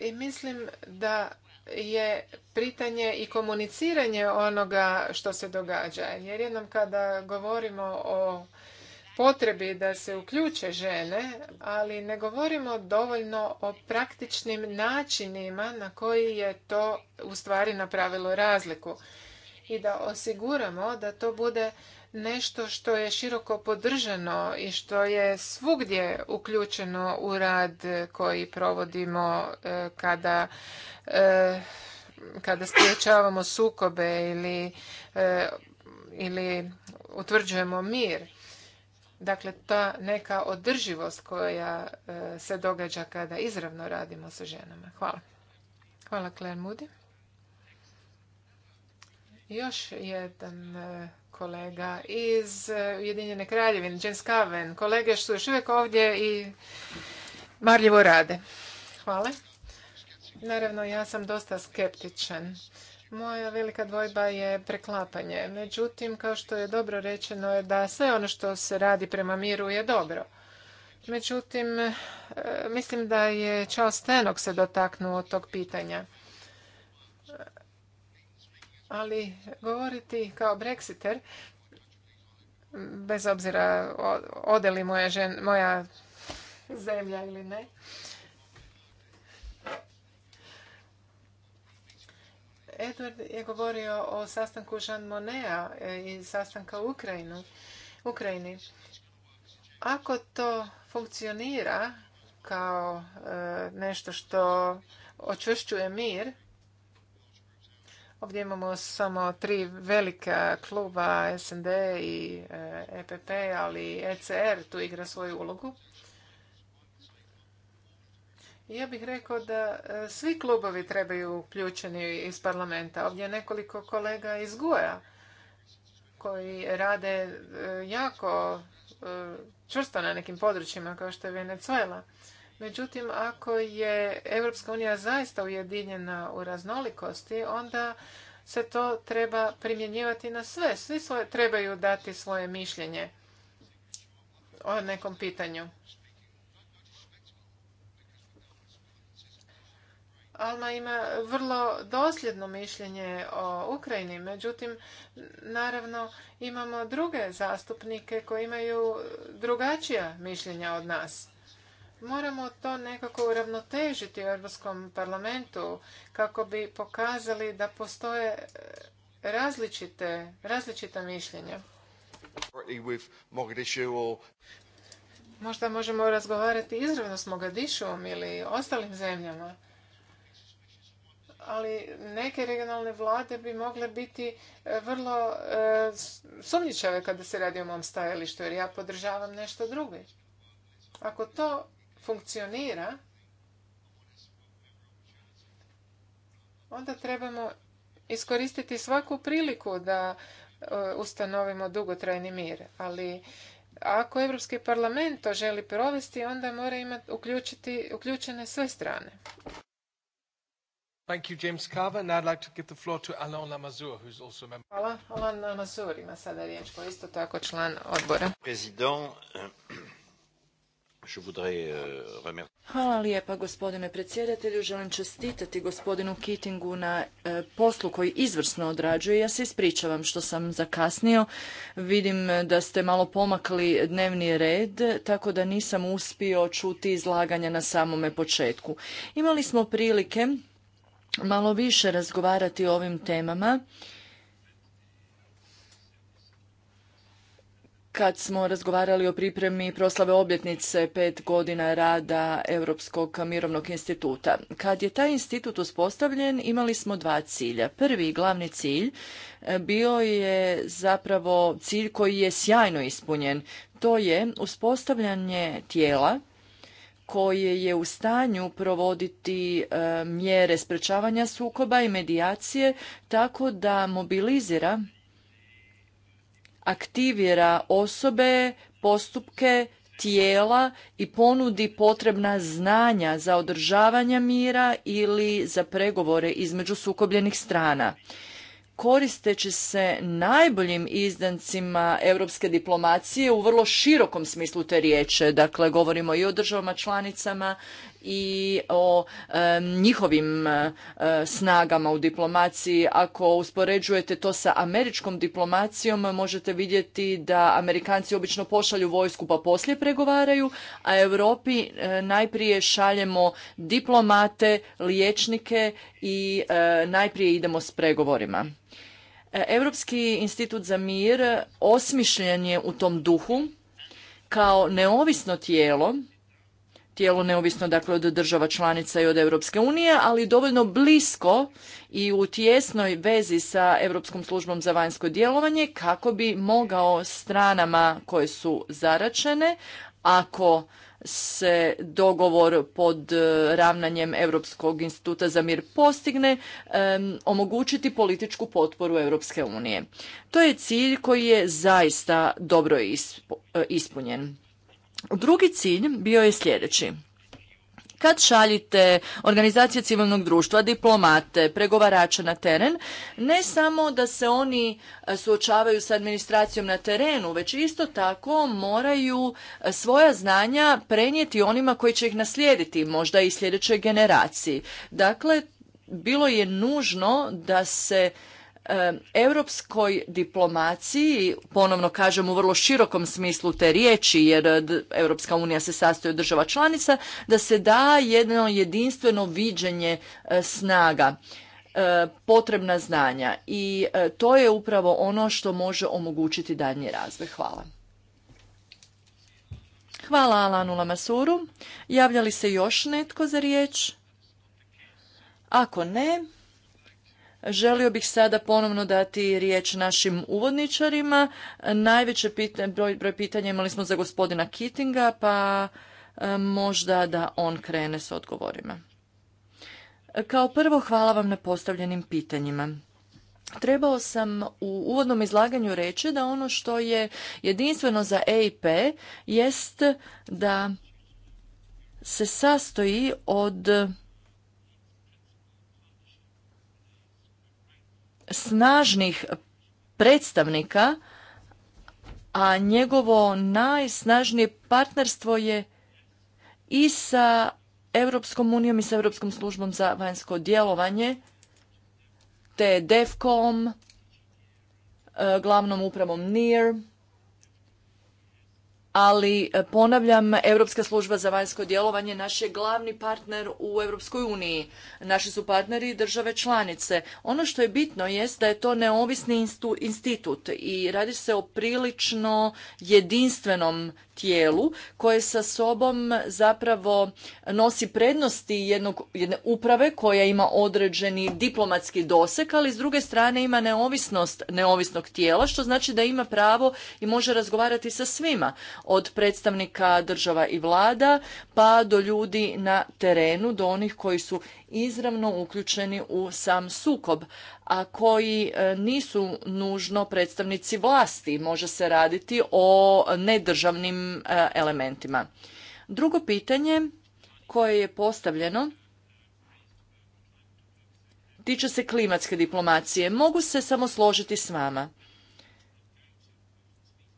I mislim da je pitanje i komuniciranje onoga što se događa. Jer jednom kada govorimo o potrebi da se uključe žene, ali ne govorimo dovoljno o praktičnim načinima na koji je to u stvari napravilo razliku i da osiguramo da to bude nešto što je široko podržano i što je svugdje uključeno u rad koji provodimo e, kada e, kada spriječavamo sukobe ili, e, ili utvrđujemo mir. Dakle, ta neka održivost koja se događa kada izravno radimo sa ženama. Hvala. Hvala Claire Moody. Još jedan kolega iz e, Ujedinjene kraljevine, James Caven. Kolege što su još uvijek ovdje i marljivo rade. Hvala. Naravno, ja sam dosta skeptičan. Moja velika dvojba je preklapanje. Međutim, kao što je dobro rečeno je da sve ono što se radi prema miru je dobro. Međutim, e, mislim da je Charles Stenok se dotaknuo tog pitanja ali govoriti kao breksiter, bez obzira ode li moja, moja zemlja ili ne, Edward je govorio o sastanku Jean Monea e, i sastanka u Ukrajinu, Ukrajini. Ako to funkcionira kao e, nešto što očvršćuje mir, Ovdje imamo samo tri velika kluba SND i EPP, eh, e ali ECR tu igra svoju ulogu. Ja bih rekao da eh, svi klubovi trebaju uključeni iz parlamenta. Ovdje je nekoliko kolega iz gue koji rade eh, jako čvrsto na nekim područjima kao što je Venezuela. Međutim, ako je Europska unija zaista ujedinjena u raznolikosti, onda se to treba primjenjivati na sve. Svi svoje, trebaju dati svoje mišljenje o nekom pitanju. Alma ima vrlo dosljedno mišljenje o Ukrajini, međutim, naravno, imamo druge zastupnike koji imaju drugačija mišljenja od nas. Moramo to nekako uravnotežiti u Europskom parlamentu kako bi pokazali da postoje e, različite, različita mišljenja. Možda možemo razgovarati izravno s Mogadišom ili ostalim zemljama. Ali neke regionalne vlade bi mogle biti e, vrlo e, sumnjičave kada se radi o mom stajalištu, jer ja podržavam nešto drugo. Ako to funkcionira, onda trebamo iskoristiti svaku priliku da e, ustanovimo dugotrajni mir. Ali ako Europski parlament to želi provesti, onda mora imati uključiti, uključene sve strane. Thank you, James Carver. Now I'd like to give the floor to Alain Lamazur, who's also a member. Hvala. Alain Lamazour ima sada riječ, koji isto tako član odbora. President, Euh, Hvala lijepa gospodine predsjedatelju. Želim čestitati gospodinu Kittingu na e, poslu koji izvrsno odrađuje. Ja se ispričavam što sam zakasnio. Vidim da ste malo pomakli dnevni red, tako da nisam uspio čuti izlaganja na samome početku. Imali smo prilike malo više razgovarati o ovim temama kad smo razgovarali o pripremi proslave obljetnice pet godina rada Europskog mirovnog instituta. Kad je taj institut uspostavljen imali smo dva cilja. Prvi glavni cilj e, bio je zapravo cilj koji je sjajno ispunjen. To je uspostavljanje tijela koje je u stanju provoditi e, mjere sprečavanja sukoba i medijacije tako da mobilizira aktivira osobe, postupke, tijela i ponudi potrebna znanja za održavanje mira ili za pregovore između sukobljenih strana. Koristeći se najboljim izdancima europske diplomacije u vrlo širokom smislu te riječe, dakle govorimo i o državama članicama i o njihovim e, snagama u diplomaciji. Ako uspoređujete to sa američkom diplomacijom, možete vidjeti da Amerikanci obično pošalju vojsku pa poslije pregovaraju, a Europi e, najprije šaljemo diplomate, liječnike i e, najprije idemo s pregovorima. Europski institut za mir osmišljen je u tom duhu kao neovisno tijelo tijelo neovisno dakle od država članica i od Europske unije, ali dovoljno blisko i u tjesnoj vezi sa Europskom službom za vanjsko djelovanje kako bi mogao stranama koje su zaračene, ako se dogovor pod e, ravnanjem Europskog instituta za mir postigne, omogućiti političku potporu Europske unije. To je cilj koji je zaista dobro e, ispunjen. Drugi cilj bio je sljedeći. Kad šaljite organizacije civilnog društva, diplomate, pregovarače na teren, ne samo da se oni e, suočavaju sa administracijom na terenu, već isto tako moraju e, svoja znanja prenijeti onima koji će ih naslijediti, možda i sljedećoj generaciji. Dakle, bilo je nužno da se europskoj diplomaciji, ponovno kažem u vrlo širokom smislu te riječi, jer eh, Europska unija se sastoji od država članica, da se da jedno jedinstveno viđenje eh, snaga eh, potrebna znanja i to je upravo ono što može omogućiti daljnji razvoj. Hvala. Hvala Alanu Lamasuru. Javlja li se još netko za riječ? Ako ne, Želio bih sada ponovno dati riječ našim uvodničarima. Najveće broj, pitanja imali smo za gospodina Kittinga, pa e, možda da on krene s odgovorima. Kao prvo hvala vam na postavljenim pitanjima. Trebao sam u uvodnom izlaganju reći da ono što je jedinstveno za EIP jest da se sastoji od snažnih predstavnika, a njegovo najsnažnije partnerstvo je i sa Europskom unijom i sa Europskom službom za vanjsko djelovanje, te DEFCOM, e, glavnom upravom NIR, ali e, ponavljam, Europska služba za vanjsko djelovanje naš je glavni partner u Europskoj uniji. Naši su partneri države članice. Ono što je bitno jest da je to neovisni institut i radi se o prilično jedinstvenom tijelu koje sa sobom zapravo nosi prednosti jednog, jedne uprave koja ima određeni diplomatski doseg, ali s druge strane ima neovisnost neovisnog tijela, što znači da ima pravo i može razgovarati sa svima, od predstavnika država i vlada pa do ljudi na terenu, do onih koji su izravno uključeni u sam sukob, a koji e, nisu nužno predstavnici vlasti. Može se raditi o nedržavnim e, elementima. Drugo pitanje koje je postavljeno tiče se klimatske diplomacije. Mogu se samo složiti s vama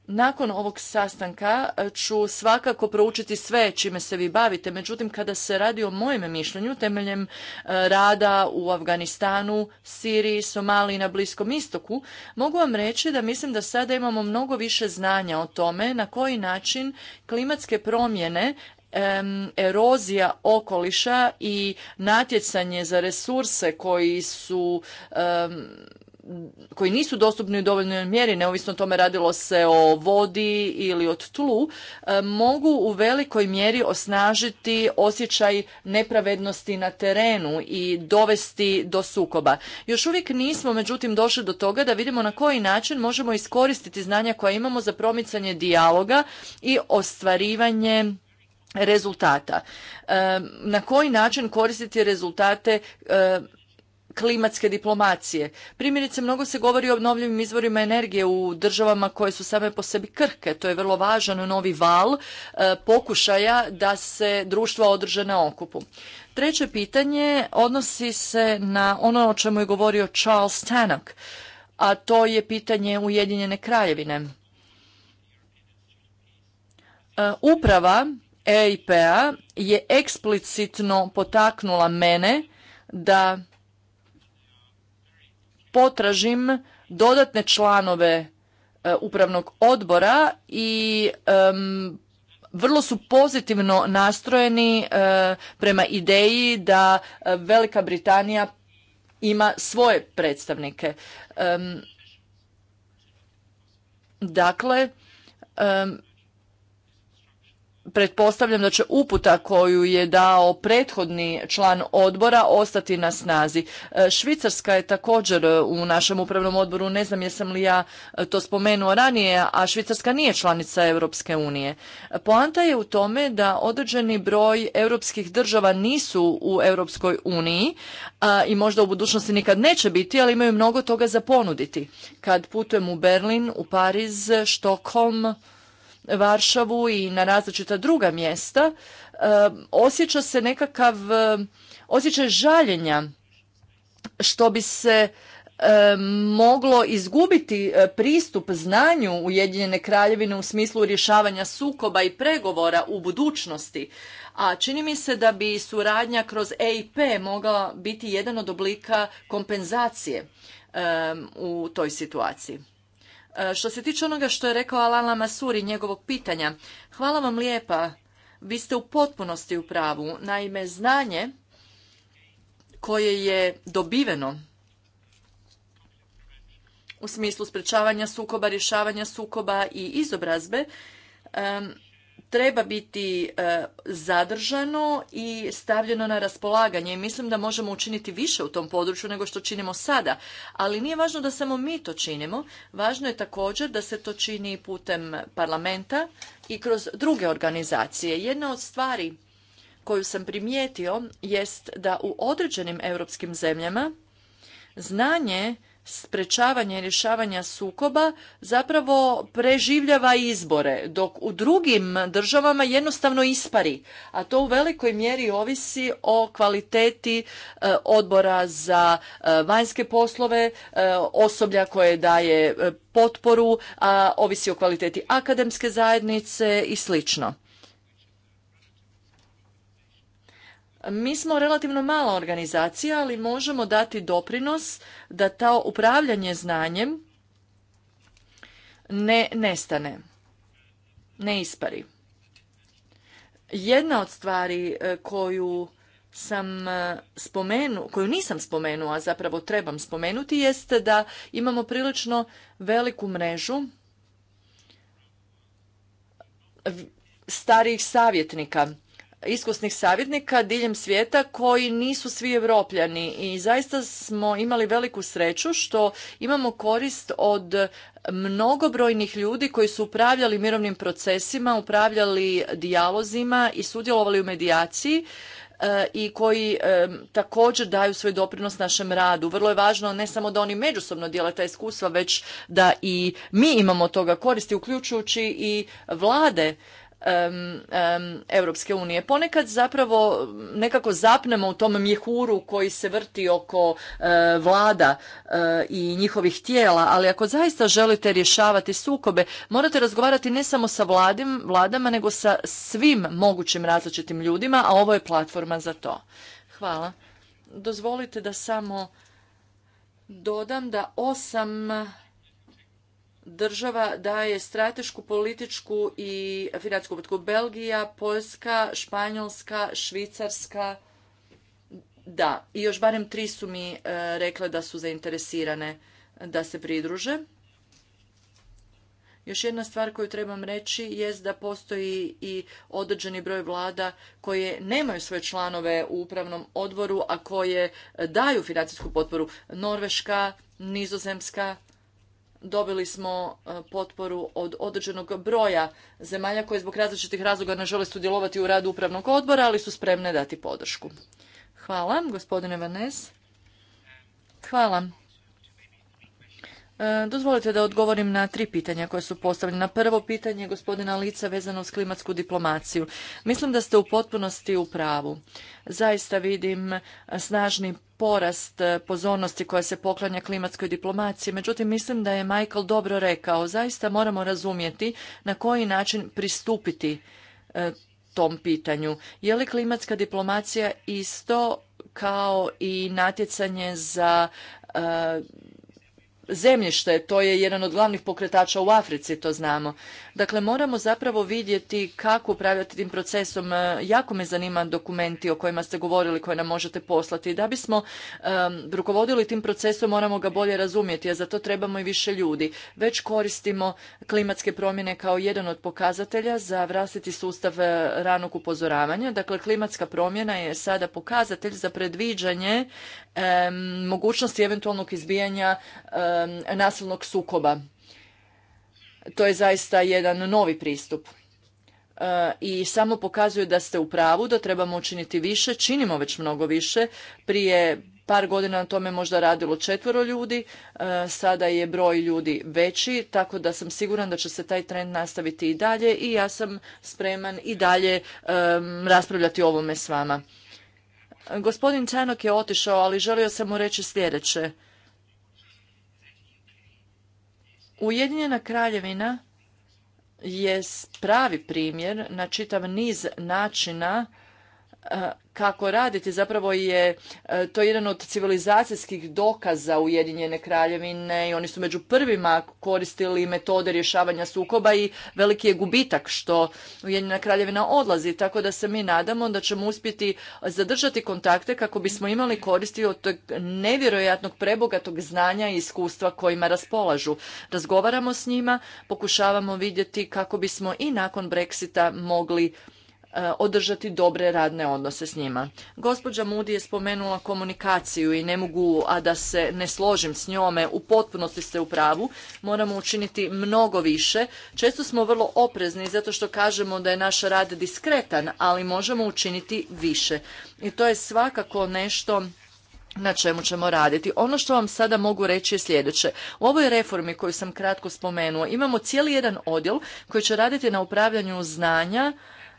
nakon ovog sastanka e, ću svakako proučiti sve čime se vi bavite, međutim kada se radi o mojem mišljenju temeljem e, rada u Afganistanu, Siriji, Somaliji na Bliskom istoku, mogu vam reći da mislim da sada imamo mnogo više znanja o tome na koji način klimatske promjene erozija okoliša i natjecanje za resurse koji su koji nisu dostupni u dovoljnoj mjeri, neovisno o tome radilo se o vodi ili od tlu, e, mogu u velikoj mjeri osnažiti osjećaj nepravednosti na terenu i dovesti do sukoba. Još uvijek nismo, međutim, došli do toga da vidimo na koji način možemo iskoristiti znanja koja imamo za promicanje dijaloga i ostvarivanje rezultata. E, na koji način koristiti rezultate e, klimatske diplomacije. Primjerice, mnogo se govori o obnovljivim izvorima energije u državama koje su same po sebi krke. To je vrlo važan novi val e, pokušaja da se društva održe na okupu. Treće pitanje odnosi se na ono o čemu je govorio Charles Tannock, a to je pitanje Ujedinjene kraljevine. E, uprava EIP-a je eksplicitno potaknula mene da potražim dodatne članove e, upravnog odbora i vrlo su pozitivno nastrojeni e, prema ideji da e, Velika Britanija ima svoje predstavnike. dakle, pretpostavljam da će uputa koju je dao prethodni član odbora ostati na snazi. E, Švicarska je također e, u našem upravnom odboru, ne znam jesam li ja e, to spomenuo ranije, a Švicarska nije članica Europske unije. Poanta je u tome da određeni broj europskih država nisu u Europskoj uniji i možda u budućnosti nikad neće biti, ali imaju mnogo toga za ponuditi. Kad putujem u Berlin, u Pariz, Štokholm, Varšavu i na različita druga mjesta, e, osjeća se nekakav e, osjećaj žaljenja što bi se e, moglo izgubiti pristup znanju Ujedinjene kraljevine u smislu rješavanja sukoba i pregovora u budućnosti. A čini mi se da bi suradnja kroz EIP mogla biti jedan od oblika kompenzacije u toj situaciji. E, što se tiče onoga što je rekao Alana Masuri, njegovog pitanja, hvala vam lijepa. Vi ste u potpunosti u pravu. Naime, znanje koje je dobiveno u smislu sprečavanja sukoba, rješavanja sukoba i izobrazbe, treba biti e, zadržano i stavljeno na raspolaganje i mislim da možemo učiniti više u tom području nego što činimo sada. Ali nije važno da samo mi to činimo, važno je također da se to čini putem parlamenta i kroz druge organizacije. Jedna od stvari koju sam primijetio jest da u određenim europskim zemljama znanje Sprečavanje i rješavanja sukoba zapravo preživljava izbore, dok u drugim državama jednostavno ispari, a to u velikoj mjeri ovisi o kvaliteti e, odbora za e, vanjske poslove, e, osoblja koje daje potporu, a ovisi o kvaliteti akademske zajednice i slično. Mi smo relativno mala organizacija, ali možemo dati doprinos da to upravljanje znanjem ne nestane, ne ispari. Jedna od stvari e, koju sam e, spomenu, koju nisam spomenula, a zapravo trebam spomenuti, jeste da imamo prilično veliku mrežu starijih savjetnika iskusnih savjetnika diljem svijeta koji nisu svi europljani. i zaista smo imali veliku sreću što imamo korist od mnogobrojnih ljudi koji su upravljali mirovnim procesima, upravljali dijalozima i sudjelovali u medijaciji e, i koji e, također daju svoj doprinos našem radu. Vrlo je važno ne samo da oni međusobno dijele ta iskustva, već da i mi imamo toga koristi, uključujući i vlade Europske unije. Ponekad zapravo nekako zapnemo u tom mjehuru koji se vrti oko e, vlada e, i njihovih tijela, ali ako zaista želite rješavati sukobe, morate razgovarati ne samo sa vladim, vladama, nego sa svim mogućim različitim ljudima, a ovo je platforma za to. Hvala. Dozvolite da samo dodam da osam država daje stratešku, političku i financijsku potku. Belgija, Poljska, Španjolska, Švicarska. Da, i još barem tri su mi e, rekle da su zainteresirane da se pridruže. Još jedna stvar koju trebam reći jest da postoji i određeni broj vlada koje nemaju svoje članove u upravnom odboru, a koje daju financijsku potporu. Norveška, Nizozemska, dobili smo e, potporu od određenog broja zemalja koje zbog različitih razloga ne žele sudjelovati u radu upravnog odbora, ali su spremne dati podršku. Hvala, gospodine Vanes. Hvala. E, dozvolite da odgovorim na tri pitanja koja su postavljena. Prvo pitanje gospodina Lica vezano s klimatsku diplomaciju. Mislim da ste u potpunosti u pravu. Zaista vidim snažni porast pozornosti koja se poklanja klimatskoj diplomaciji. Međutim, mislim da je Michael dobro rekao. Zaista moramo razumjeti na koji način pristupiti e, tom pitanju. Je li klimatska diplomacija isto kao i natjecanje za e, zemljište, to je jedan od glavnih pokretača u Africi, to znamo. Dakle, moramo zapravo vidjeti kako upravljati tim procesom. E, jako me zanima dokumenti o kojima ste govorili, koje nam možete poslati. Da bismo rukovodili tim procesom, moramo ga bolje razumjeti, a za to trebamo i više ljudi. Već koristimo klimatske promjene kao jedan od pokazatelja za vlastiti sustav e, ranog upozoravanja. Dakle, klimatska promjena je sada pokazatelj za predviđanje mogućnosti eventualnog izbijanja um, nasilnog sukoba. To je zaista jedan novi pristup e, i samo pokazuje da ste u pravu, da trebamo učiniti više, činimo već mnogo više. Prije par godina na tome možda radilo četvero ljudi, e, sada je broj ljudi veći, tako da sam siguran da će se taj trend nastaviti i dalje i ja sam spreman i dalje raspravljati o ovome s vama. Gospodin Canok je otišao, ali želio sam mu reći sljedeće. Ujedinjena kraljevina je pravi primjer na čitav niz načina kako raditi. Zapravo je e, to jedan od civilizacijskih dokaza Ujedinjene kraljevine i oni su među prvima koristili metode rješavanja sukoba i veliki je gubitak što Ujedinjena kraljevina odlazi. Tako da se mi nadamo da ćemo uspjeti zadržati kontakte kako bismo imali koristi od tog nevjerojatnog prebogatog znanja i iskustva kojima raspolažu. Razgovaramo s njima, pokušavamo vidjeti kako bismo i nakon Brexita mogli E, održati dobre radne odnose s njima. Gospođa Moody je spomenula komunikaciju i ne mogu, a da se ne složim s njome, u potpunosti ste u pravu, moramo učiniti mnogo više. Često smo vrlo oprezni zato što kažemo da je naš rad diskretan, ali možemo učiniti više. I to je svakako nešto na čemu ćemo raditi. Ono što vam sada mogu reći je sljedeće. U ovoj reformi koju sam kratko spomenuo imamo cijeli jedan odjel koji će raditi na upravljanju znanja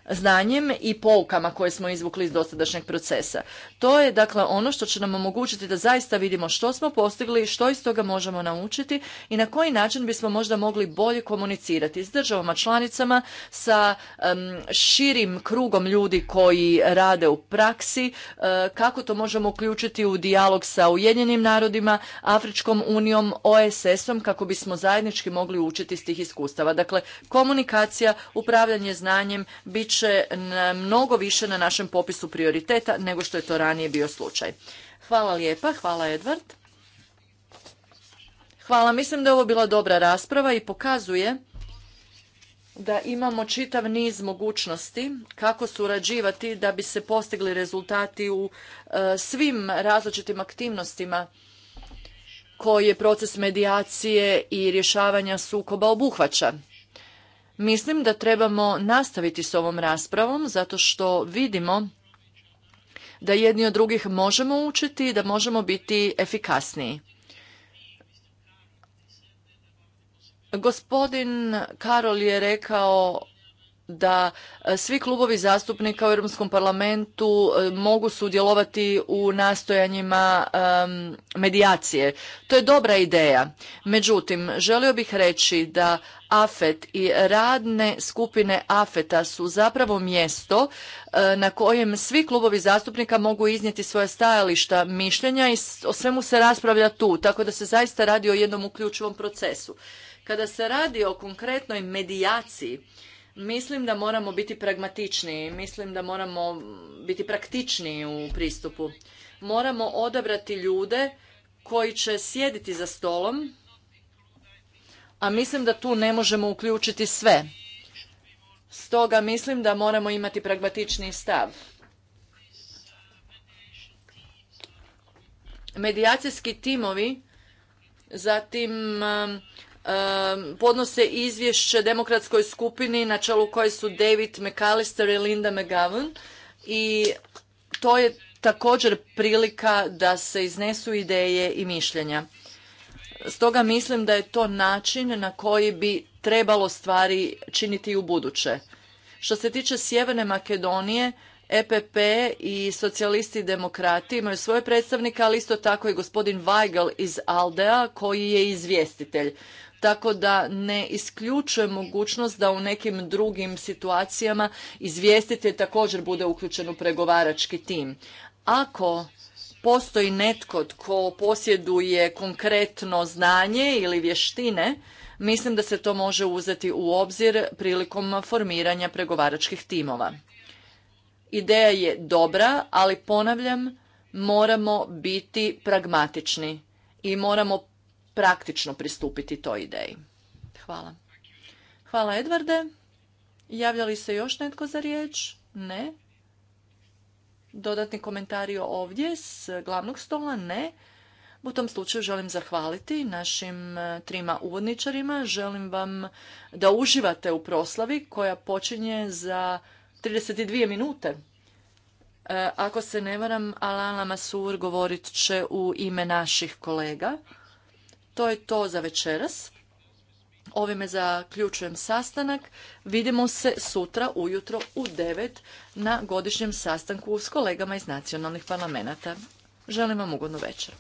znanjem i poukama koje smo izvukli iz dosadašnjeg procesa. To je dakle ono što će nam omogućiti da zaista vidimo što smo postigli, što iz toga možemo naučiti i na koji način bismo možda mogli bolje komunicirati s državama članicama, sa širim krugom ljudi koji rade u praksi, e, kako to možemo uključiti u dijalog sa Ujedinjenim narodima, Afričkom unijom, OSS-om kako bismo zajednički mogli učiti iz tih iskustava. Dakle, komunikacija, upravljanje znanjem bit će mnogo više na našem popisu prioriteta nego što je to ranije bio slučaj. Hvala lijepa, hvala Edvard. Hvala, mislim da je ovo bila dobra rasprava i pokazuje da imamo čitav niz mogućnosti kako surađivati da bi se postigli rezultati u e, svim različitim aktivnostima koje proces medijacije i rješavanja sukoba obuhvaća. Mislim da trebamo nastaviti s ovom raspravom zato što vidimo da jedni od drugih možemo učiti i da možemo biti efikasniji. Gospodin Karol je rekao da e, svi klubovi zastupnika u Europskom parlamentu e, mogu sudjelovati u nastojanjima medijacije. To je dobra ideja. Međutim, želio bih reći da AFET i radne skupine AFETA su zapravo mjesto e, na kojem svi klubovi zastupnika mogu iznijeti svoja stajališta, mišljenja i o svemu se raspravlja tu, tako da se zaista radi o jednom uključivom procesu. Kada se radi o konkretnoj medijaciji, Mislim da moramo biti pragmatičniji, mislim da moramo biti praktičniji u pristupu. Moramo odabrati ljude koji će sjediti za stolom, a mislim da tu ne možemo uključiti sve. Stoga mislim da moramo imati pragmatični stav. Medijacijski timovi, zatim podnose izvješće demokratskoj skupini na čelu koje su David McAllister i Linda McGowan i to je također prilika da se iznesu ideje i mišljenja. Stoga mislim da je to način na koji bi trebalo stvari činiti u buduće. Što se tiče Sjeverne Makedonije, EPP i socijalisti i demokrati imaju svoje predstavnike, ali isto tako i gospodin Weigel iz Aldea koji je izvjestitelj tako da ne isključuje mogućnost da u nekim drugim situacijama izvjestitelj također bude uključen u pregovarački tim. Ako postoji netko tko posjeduje konkretno znanje ili vještine, mislim da se to može uzeti u obzir prilikom formiranja pregovaračkih timova. Ideja je dobra, ali ponavljam, moramo biti pragmatični i moramo praktično pristupiti toj ideji. Hvala. Hvala Edvarde. Javlja se još netko za riječ? Ne. Dodatni komentari ovdje s glavnog stola? Ne. U tom slučaju želim zahvaliti našim e, trima uvodničarima. Želim vam da uživate u proslavi koja počinje za 32 minute. E, ako se ne varam, Alana Masur govorit će u ime naših kolega. To je to za večeras. Ovime zaključujem sastanak. Vidimo se sutra ujutro u 9 na godišnjem sastanku s kolegama iz nacionalnih parlamenta. Želim vam ugodnu večer.